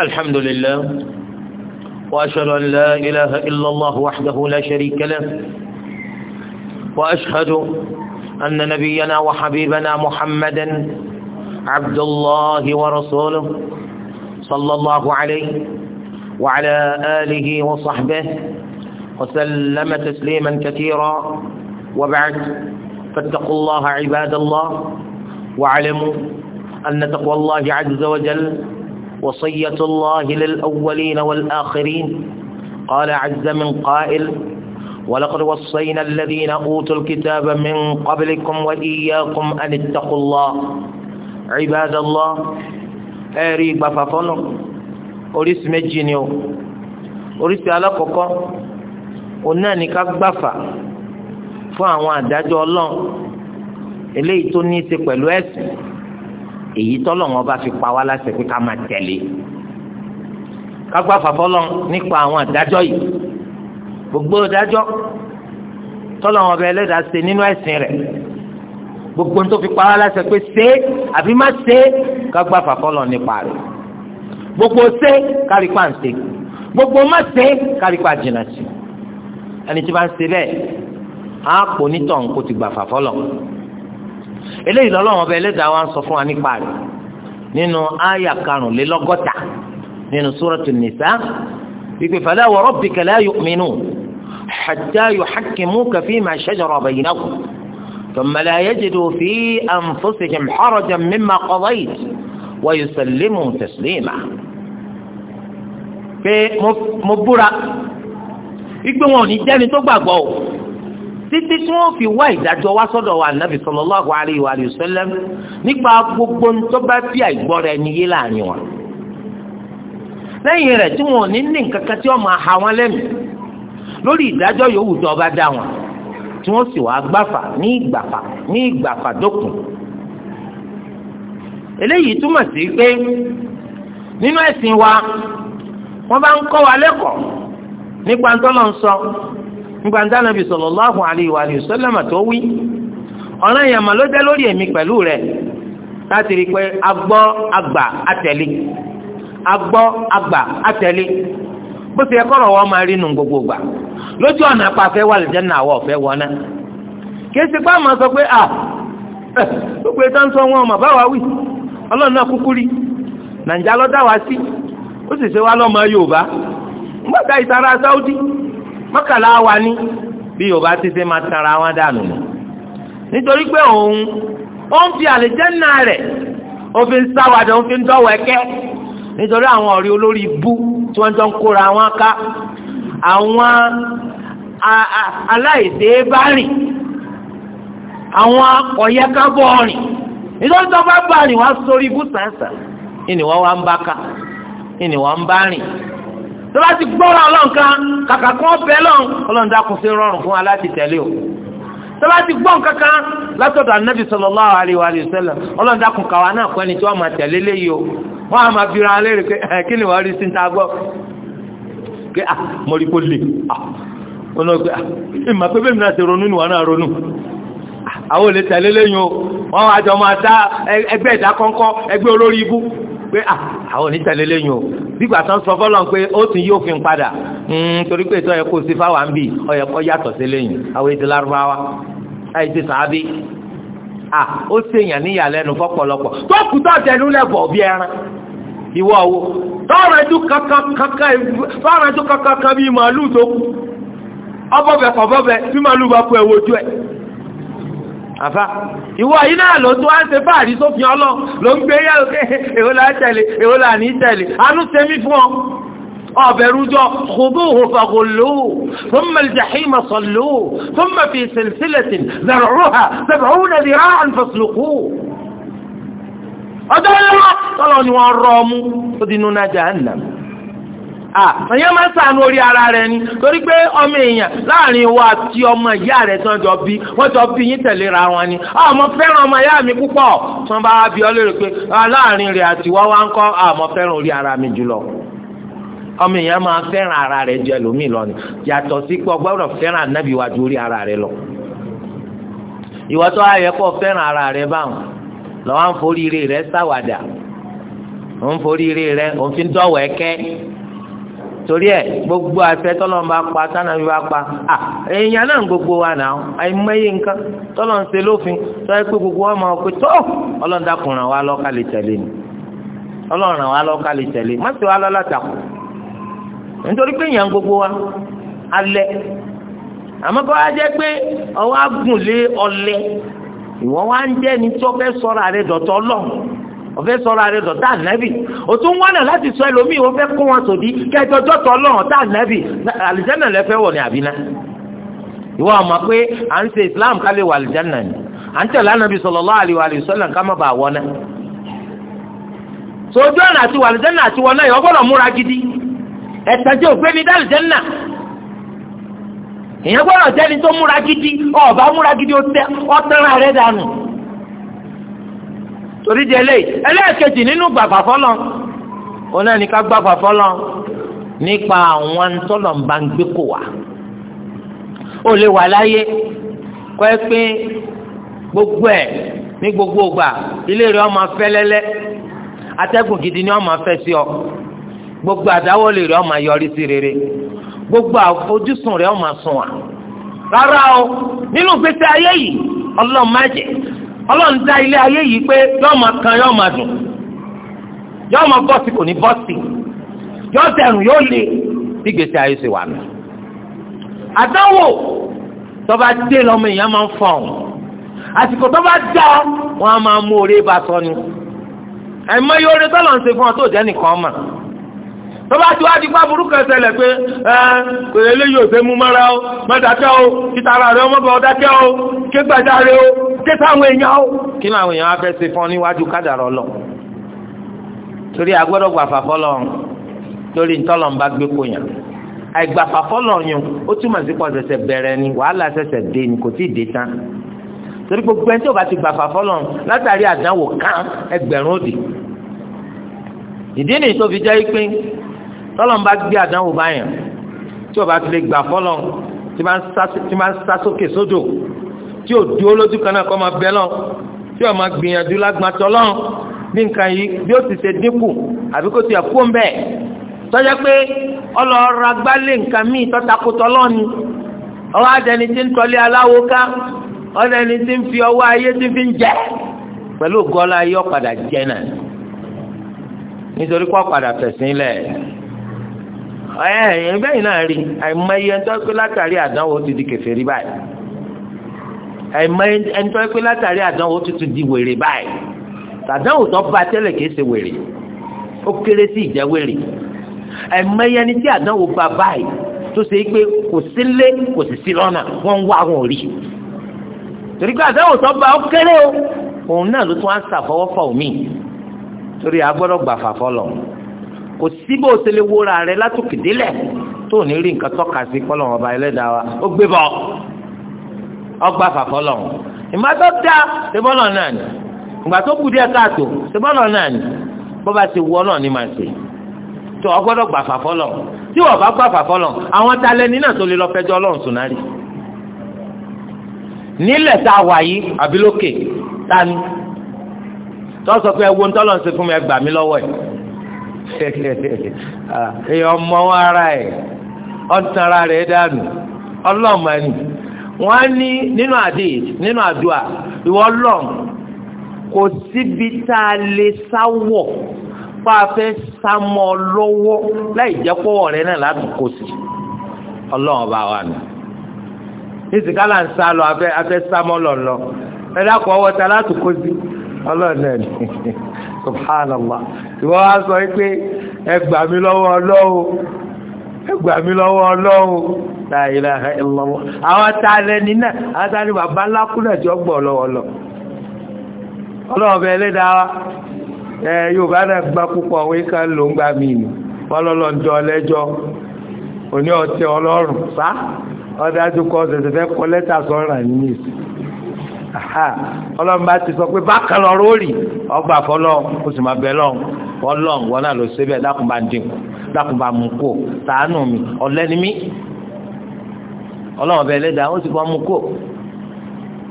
الحمد لله وأشهد أن لا إله إلا الله وحده لا شريك له وأشهد أن نبينا وحبيبنا محمدا عبد الله ورسوله صلى الله عليه وعلى آله وصحبه وسلم تسليما كثيرا وبعد فاتقوا الله عباد الله واعلموا أن تقوى الله عز وجل وصية الله للأولين والآخرين قال عز من قائل ولقد وصينا الذين أوتوا الكتاب من قبلكم وإياكم أن اتقوا الله عباد الله أريب ففنر oríṣi méjì ni o oríṣi alákọ̀ọ́kọ́ òun náà ní ká gbàfà fún àwọn àdájọ́ ọlọ́run eléyìí tó ní í ṣe pẹ̀lú ẹ̀sìn èyí tọ́lọ́run ọba fi pa wá láṣẹ pé ká máa tẹ̀lé ká gbàfà fọlọ́run nípa àwọn àdájọ́ yìí gbogbo ìdájọ́ tọ́lọ́run ọba ẹlẹ́dàá ṣe nínú ẹ̀sìn rẹ̀ gbogbo tó fi pa wá láṣẹ pé ṣe àbí má ṣe ká gbàfà fọlọ́run nípa rẹ̀ gbogbo ṣe kárí pa ń ṣe gbogbo má ṣe kárí pa jìnnà sí ẹni tí bá ń ṣe bẹ́ẹ̀ á pò nítàn kó ti gbà fàfọ́lọ̀ eléyìí lọ́lọ́wọ́n ọba ẹlẹ́dàá wa ń sọ fún wa nípa rẹ̀ nínú àyà karùnlélọ́gọ́ta nínú sóràtù nìsá wípé fala wa rabbika la yu'minun hatta yuhakkimuka fima shajara baynahum ثم لا يجدوا في أنفسهم حرجا مما قضيت ويسلموا تسليما pé mo búra wípé wọn ò ní jẹ́ni tó gbàgbọ́ o títí tí wọ́n fi wá ìdájọ́ wá sọ́dọ̀ wa nàbì sallallahu àríwá wa sallam nípa gbogbo tó bá fi àìgbọ́ra ẹni yé láàrin wọn. lẹ́yìn rẹ̀ tí wọn ò ní ní nǹkan kan tí wọ́n máa ha wọn lẹ́nu lórí ìdájọ́ yòówù tó ọba dá wọn tí wọ́n sì wá gbàfà ní ìgbàfà ní ìgbàfà dókun. eléyìí túmọ̀ sí pé nínú ẹ̀sìn wa wọ́n bá ń kọ́ wa lẹ́kọ̀ọ́ nípa ntọ́lọ̀ ń sọ wa tó wí ọ̀ràn yẹn ló jẹ́ lórí pẹ̀lú rẹ̀ láti rí i pé àgbà àtẹ̀lé àgbà àtẹ̀lé bó ti yẹ kọ́rọ̀ wọn máa rí nu gbogbo gbà lójú ọ̀nà apàfẹ́ wà lẹ́jẹ̀ náà wọ̀ fẹ́ wọ́n náà kí esi pa sọ pé gbogbo sọ wọn wí ọlọ́run náà ó sì ṣe wá lọ́mọ yorùbá nígbàtà ìsara sáúdí mọ́kànlá wa ní bí yorùbá ti ṣe máa tara wọn dànù nù nítorí pé òun ó ń fi àlìjẹ́nà rẹ̀ o fi sáwàdà ó fi ẹ̀kẹ́ nítorí àwọn ọ̀rẹ́ olórí ibú tí wọ́n jọ ń kóra wọn ká àwọn aláìsèébárìn àwọn ọ̀yẹ́kábọ̀ọ̀rìn nítorí tó bá bá rìn wá sórí ibú sàǹsà ni wọ́n wá ń bá ká. ni wọ́n ń bá rìn tó bá ti gbọ́ra ọlọ́run kan kàkà ọlọ́run dákun rọrùn fún wa láti tẹ̀lé o tó bá ti gbọ́n kankan látọ̀dọ̀ wa sallam ọlọ́run dákun kàwa náà tẹlele yi o wọ́n á máa bira ra pé ẹ̀ kí ni wọ́n rí sí ta gbọ́ pé ah mo rí kó le ah ah ìmọ̀ pé bẹ́ẹ̀ ti ronú pé ah, àwọn onítẹ̀lé lẹ́yìn o dìgbà tán sọ fọlọ́n pé ó tún yóò fi ń padà hmm, torí pé ìtọ́ yẹ sí fáwọn àǹbì ọyẹ yàtọ̀ sí lẹ́yìn àwọn èdè lárúbáwá àìsí sàábí à ó ṣèyàn níyàlẹ́nu fọ́pọ̀lọpọ̀ tó kùtà tẹnu lẹ́bọ̀ bí ẹran ìwọ wo tọ́ọ̀rẹ́dú kankan kankan àfa ìwọ yìí náà ló tún á ń ṣe fáàrí sófin ọlọ ló ń gbé yá òkè èwo là ń tẹ̀lé èwo là ní tẹ̀lé àánú sẹ́mi fún ọ ọbẹ̀ rújọ khuduhu faghulluhu thumma al-jahima ni wọ́n rọ ọmú ó di nínú jahannam. àyàn máa ń sànú orí ara rẹ ni torí pé ọmọ èèyàn láàrin wa àti ọmọ ìyá rẹ tán jọ bí wọ́n jọ bí yín tẹ̀léra wọn ni ọmọ fẹ́ràn ọmọ ìyá mi púpọ̀ tí wọ́n bá wá bí ọ lérò pé láàrin rẹ àti wọ́n wá ń kọ́ ọmọ fẹ́ràn orí ara mi jùlọ ọmọ èèyàn máa fẹ́ràn ara rẹ jẹ lómìn lọ ni yàtọ̀ sí pé ọgbọ́dọ̀ fẹ́ràn anábì wa orí ara rẹ lọ ìwọ tó ayẹ kó ara rẹ báwọn lọ́wọ́ à ń rẹ sáwàdà ò ń rẹ òun fi ń dọ̀wọ̀ ẹ̀kẹ́ torí ẹ gbogbo àṣẹ tọ́lọ́ bá pa sànàbí bá pa à èèyàn náà gbogbo wa nà ó àìmọye nǹkan tọ́lọ́ ń ṣe lófin tọ́lọ́ pé gbogbo wa máa pé tó ọlọ́run ràn wá tẹ̀lé ni ọlọ́run ràn wá tẹ̀lé má wa látàkù nítorí pé èèyàn gbogbo wa àmọ́ kọ́ pé ọwọ́ agùnlé ìwọ́n ń jẹ́ ọ̀fẹ́ sọ̀rọ̀ àrẹ dọ̀ tá ànábì o tún wánà láti sọ ẹlòmíì wọ́n fẹ́ kó wọn sòdí kẹjọjọ́ tọ́ lọ́hàn tá ànábì àlìjánà lẹ́fẹ́ wọ̀ ní àbínà ìwọ ọmọ pé à ń ṣe Islam ká lè wà àlìjánà ni à ń tẹ̀lé ànábì sallallahu alaihi wasallam ká má bàa wọ náà sojú ọ̀nà àti wà àlìjánà àti wọ náà ìwọ gbọ́dọ̀ múra gidi ẹ̀tàjẹ́ òfé ní torí di eléyìí ẹlẹ́ẹ̀kejì nínú gbàgbà fọlọ́ òun náà ní ká gbàgbà fọlọ́ nípa àwọn tọ́lọ̀ ń bá ń gbé kò wá ó lè wà láyé kọ́ ẹ pé gbogbo ẹ̀ ní gbogbo ìgbà ilé rẹ̀ ọmọ afẹ́ lẹ́lẹ́ atẹ́gùn gidi ni ọmọ afẹ́ sí ọ gbogbo àdáwọ́lé rẹ̀ ọmọ ayọrí sí rere gbogbo àfojúsùn rẹ̀ ọmọ sùn wà rárá o nínú gbèsè ayé yìí ọlọ́mọ ẹ̀jẹ̀ ọlọ́run dá ilé ayé yìí pé yọ́ọ́ máa kan yọ́ọ́ máa dùn yọ́ọ́ máa bọ́ọ̀sì kò ní bọ́ọ̀sì yọ́ọ́ tẹ̀rùn yóò le bí gbèsè ayé ṣe wà nù. àdánwò tọ́ba dé lọ́mọ èèyàn máa ń fọ̀ ọ́n àsìkò tọ́ba dá wọn a máa mú oore bá sọ ni àìmọye oore tọ́lọ́ ń ṣe fún ọ tó jẹ́ nìkan mà tọ́ba tí wàá di pa burúkú ẹsẹ̀lẹ̀ pé ẹ kò lè léyìí òsè mú mọ́ra o mọ́dàkẹ́ o títara rẹ ọmọbà ọ̀dàkẹ́ o kégbàjáre o kéta àwọn èèyàn o. kí làwọn èèyàn afẹ́ ṣe fún ọ níwájú kádàrá lọ torí agbọ́dọ̀ gbàfà fọlọ́ torí ntọ́lọ̀ ń bá gbé kó yàn àìgbàfà fọlọ́ yàn ó túmọ̀ sí pọ̀ bẹ̀rẹ̀ ni wàhálà ṣẹ̀ṣẹ̀ dé ni kò tí dé tán torí gbogbo ẹni tí ìdí nìyí tó fi jẹ́ pé tọ́lọ́n bá gbé àdánwò báyàn tí o bá fi lè gbà fọ́lọ́ tí máa ń sá sókè sódò tí o dúró lójú kan náà kọ́ máa bẹ́ lọ tí o máa gbìyànjú lágbàtọ́ lọ́n bí nǹkan yìí bí ó ti ṣe dínkù àbí kó ti ẹ̀ kó ń bẹ̀ tọ́jà pé ọlọ́ọ̀rọ̀ agbálẹ̀ nǹkan míì tọ́takùtọ̀ lọ́ni ọwọ́ adẹni tí ń tọ́lé aláwo ká ọdẹni tí ń fi ọwọ́ ayé tí fi ń jẹ pẹ̀lú gọ́lá yọ padà jẹ náà nítorí kọ́ padà fẹ̀sìn ẹ̀yìn bẹ́yìn náà rí àìmọye ẹni tó pé látàrí àdánwò ti di kèfèrí báyìí àìmọye ẹni tó pé látàrí àdánwò ti ti di wèrè báyìí tàdánwò tó bá tẹ́lẹ̀ kìí ṣe wèrè ó kéré sí ìjẹ́ wèrè àìmọye ẹni tí àdánwò bá báyìí tó ṣe pé kò sílé kò sì sí lọ́nà wọ́n ń wá wọn rí torí pé àdánwò tó bá ó kéré o òun náà ló tún á ń ṣàfọwọ́fọ̀ òmíì torí agbọ́dọ̀ gbà fàfọ́ lọ́wọ́ kò sí bó ṣe lè wúra rẹ látòkè délẹ̀ tó ní rí nǹkan tọ́ka sí kọ́lọ́run ọba ẹlẹ́dàá wa ó gbé bọ́ ọgbà fàfọ́lọ́run ìgbà tó dá ṣebọ́lọ̀ náà ni ìgbà tó kù díẹ̀ káàtó ṣebọ́lọ̀ náà ni bọ́ba ti wọ́ náà ni màá ṣe tó o gbọ́dọ̀ gbà fàfọ́lọ̀ tí wọ́n bá gbà fàfọ́lọ̀ àwọn talẹ́ni náà tó lè lọ fẹjọ́ ọlọ́run sùn náà rí nílẹ̀ tá a wà yìí àbí lókè tani tó sọ pé ẹ wo ń tọ́lọ́ ń ṣe fún mi ẹ gbà èèyàn mọ wọn ara ẹ̀ ọ̀tún ara rẹ̀ dànù ọlọ́mọ ni á ní nínú àdé nínú àdúrà ìwọ ọlọ́run kò síbi tá a lè sáwọ̀ bá a fẹ́ sámọ́ lọ́wọ́ láì jẹ́ pọ́wọ́ rẹ náà látòkò sí ọlọ́run ọba wa nù nísì ká là ń sá lọ afẹ́ afẹ́ sámọ́ lọ lọ ẹ dákọ̀ ọwọ́ ta látòkò sí ọlọ́run náà ni subhanallah ìwọ́n wá sọ pé ẹ gbà mí lọ́wọ́ ọlọ́wọ́ illallah àwọn tá a lẹni náà àwọn tá a ní bàbá ńlá kúnlẹ̀ tí ó gbọ́ lọ́wọ́ lọ ọlọ́wọ́ bẹ ẹlẹ́dàá wa ẹ yorùbá náà gbá púpọ̀ wí ká ló ń gbà mí nù lẹ́jọ́ òní ọ̀tẹ̀ ọlọ́run sá ọ̀dájú kọ́ ọ̀sẹ̀ lẹ́tà sọ́ràn yìí nìyí ọlọ́run bá ti sọ pé bákan lọ rórì ọgbà fọlọ o sì máa bẹ ọlọ́run wọn náà ló ṣe bẹ́ẹ̀ dákun bá dín dákun bá mú kó ṣàánú mi ọ̀lẹ́ni mi ọlọ́run bẹ́ẹ̀ lẹ́dàá ó sì fọ́ mú kó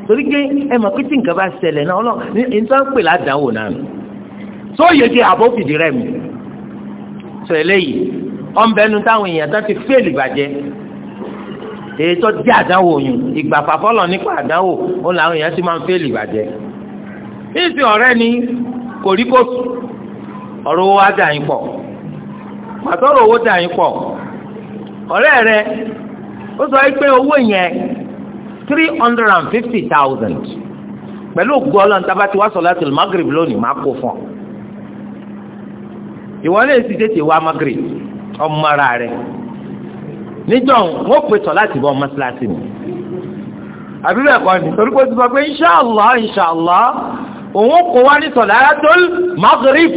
torí ẹ mọ̀ pé tí èyí tó jẹ́ àdáwò yìí ìgbà fàfọ́lọ̀ nípa àdáwò ó làwọn èèyàn ti máa ń fẹ́ẹ̀lì bàjẹ́ níbi ọ̀rẹ́ ni kò rí kó sùn ọ̀rọ̀ owó á dà yín pọ̀ pàtọ́rọ̀ owó dà yín pọ̀ ọ̀rẹ́ rẹ ó sọ pé owó yẹn three hundred and fifty thousand pẹ̀lú ògùn ọlọ́run tá a sọ láti magrib lónìí máa kó fún ọ ìwọ náà tètè wá magrib ọmọ ara rẹ níjọ wọn pè tọ̀ láti bọ́ mọ́sálásí mi àbí bẹ́ẹ̀ kọ́ ni torí pé ó ti sọ pé inṣàlá inṣàlá òun kò wá ní sọ̀làyàtọ́l magrib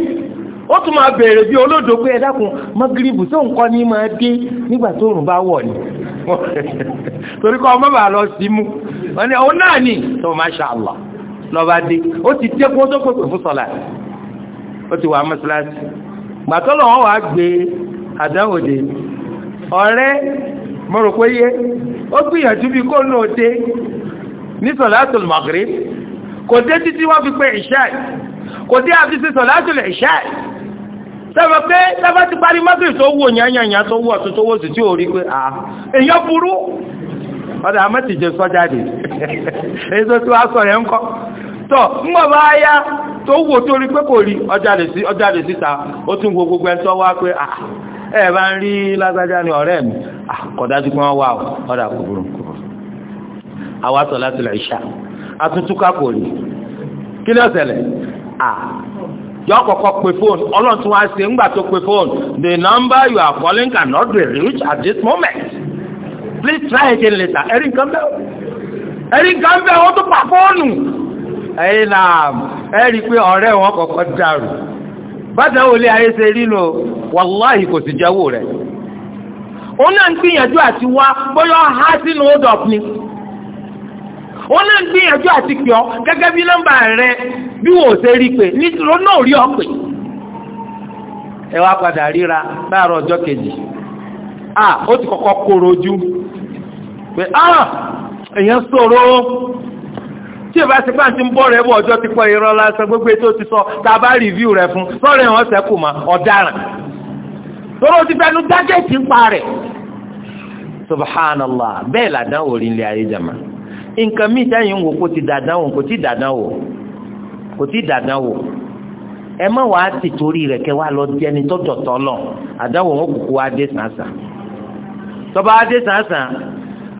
ó tún máa bèèrè bí olódo pé ẹ̀dákun magrib tó nǹkan ní máa dé nígbà tó rùn bá wọ̀ ni torí kọ́ ọmọ bàá lọ sí mú wọn ni òun náà nì tó masha Allah lọ́ba dé ó ti tẹ́ kó tó pèpè fún sọ̀là ó ti wà mọ́sálásí gbàtọ́ lọ́wọ́ wàá gbé àdáwòde ọ̀rẹ́ mo pé yé ó gbìyànjú bí kó náà dé ní sọ̀látùl Maghrib kò dé títí wọ́n fi pé ìṣá kò dé àfi sí sọ̀látùl ìṣá sọ́rọ̀ pé lábá ti parí Maghrib tó wò yányányá tó wò ọ̀tún tó wò tí ò rí pé àá ah, èèyàn burú ọ̀dà tó ẹ bá ń rí lágbájá ní ọ̀rẹ́ mi àkọ́dájú pé wọ́n wà ó ọ̀dà kòkòrò kòkòrò àwa sọ láti lọ ìṣá atuntun kakò rí kí ni ọ̀sẹ̀lẹ̀ yọ kọ́kọ́ fóònù ọlọ́run tí wọ́n á ṣe ńgbà tó pe fóònù the number you are calling cannot be reached at this moment please try again later ẹ̀rí nǹkan bẹ́ẹ̀ ẹ̀rí nǹkan bẹ́ẹ̀ wọ́n tún pa fóònù ẹ̀yin náà ẹ̀rí pé ọ̀rẹ́ wọn kọ́kọ́ dàrú. bàtà wòlé ayé ṣe rí nu wàláhì kò sì jáwó rẹ̀ òun náà ń gbìyànjú àti wá ha sínú hold ni òun náà ń gbìyànjú àti pè gẹ́gẹ́ bí nọ́mbà rẹ bí wò ṣe rí pé nítorí náà rí ọ ẹ wá padà ríra láàárọ̀ ọjọ́ kejì ó ti kọ́kọ́ kóró ojú pé ah, tí bá ti pa ti ń bọ̀ rẹ̀ bọ̀ ọjọ́ ti pọ̀ lásán gbogbo ètò ti sọ tá a rẹ̀ fún sọ́ọ̀rẹ́ wọn sẹ́kù mọ́ ọ̀daràn lórí o ti fẹnu dájẹ́tì ń pa rẹ̀ subhanallah bẹ́ẹ̀ làdán wò ayé jama nǹkan wò kò ti dàdán wò rẹ̀ kẹ́ wá lọ di ẹni lọ àdánwò wọn kúkú wá dé tọ́ba wá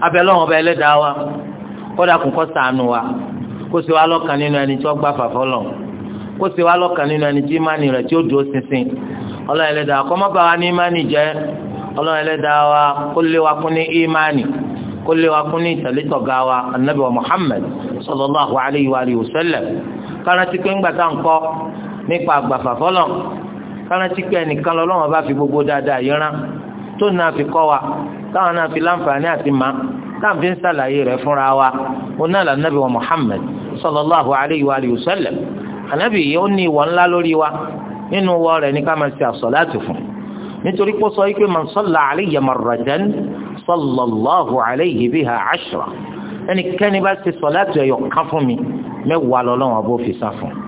Abịa ọba ẹlẹ́dàá wa kódà kún kó ṣàánú wa kó sì wá lọ́kàn nínú ẹni tí wọ́n gbà fàfọ́ lọ kó sì wá lọ́kàn nínú ẹni tí ìmánì rẹ̀ tí ó dúró ọlọ́run ẹlẹ́dàá ní ìmánì jẹ́ ọlọ́run wa kó wa kún ní ìmánì wa kún ní wa anabi wa muhammed sallallahu alayhi wa sallam kárántí pé ńgbà tó náà fi kọ́ wa táwọn náà fi láǹfààní àti má táwọn fi ń sàlàyé rẹ̀ fúnra wa òun náà lànàbí wa Muhammad sallallahu alayhi wa alihi wa sallam ànábì yìí ó ní ìwọ ńlá lórí wa nínú wọ rẹ̀ ní ká máa ṣe àsọ̀láàtì fún nítorí pé sọ wípé man salla alayya marratan sallallahu alayhi biha ashra ẹnikẹ́ni bá ṣe sọ̀láàtì ẹ̀yọ̀ kan fún mi mẹ́wàá lọ́lọ́wọ́n bó fi sá fún un.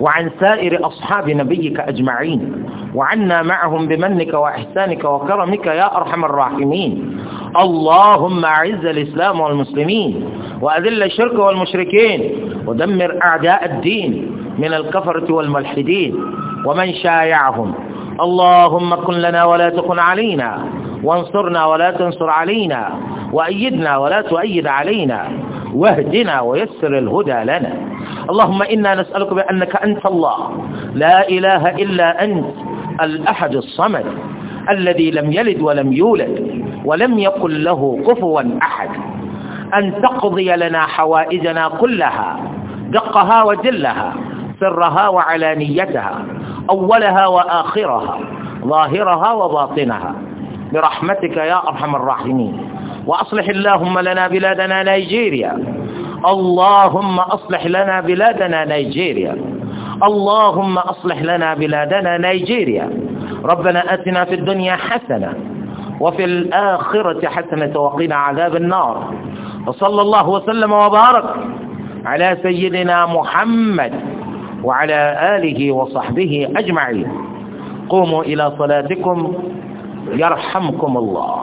وعن سائر أصحاب نبيك أجمعين وعنا معهم بمنك وإحسانك وكرمك يا أرحم الراحمين اللهم أعز الإسلام والمسلمين وأذل الشرك والمشركين ودمر أعداء الدين من الكفرة والملحدين ومن شايعهم اللهم كن لنا ولا تكن علينا وانصرنا ولا تنصر علينا وأيدنا ولا تؤيد علينا واهدنا ويسر الهدى لنا اللهم إنا نسألك بأنك أنت الله لا إله إلا أنت الأحد الصمد الذي لم يلد ولم يولد ولم يقل له كفوا أحد أن تقضي لنا حوائجنا كلها دقها وجلها سرها وعلانيتها أولها وآخرها ظاهرها وباطنها برحمتك يا أرحم الراحمين وأصلح اللهم لنا بلادنا نيجيريا اللهم أصلح لنا بلادنا نيجيريا اللهم أصلح لنا بلادنا نيجيريا ربنا أتنا في الدنيا حسنة وفي الآخرة حسنة وقنا عذاب النار وصلى الله وسلم وبارك على سيدنا محمد وعلى آله وصحبه أجمعين قوموا إلى صلاتكم يرحمكم الله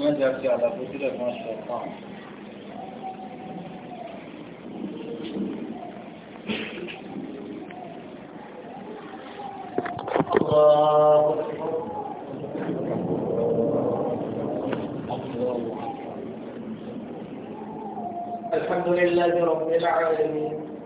وماذا يرجع على بطلة ما شاء الله الحمد لله رب العالمين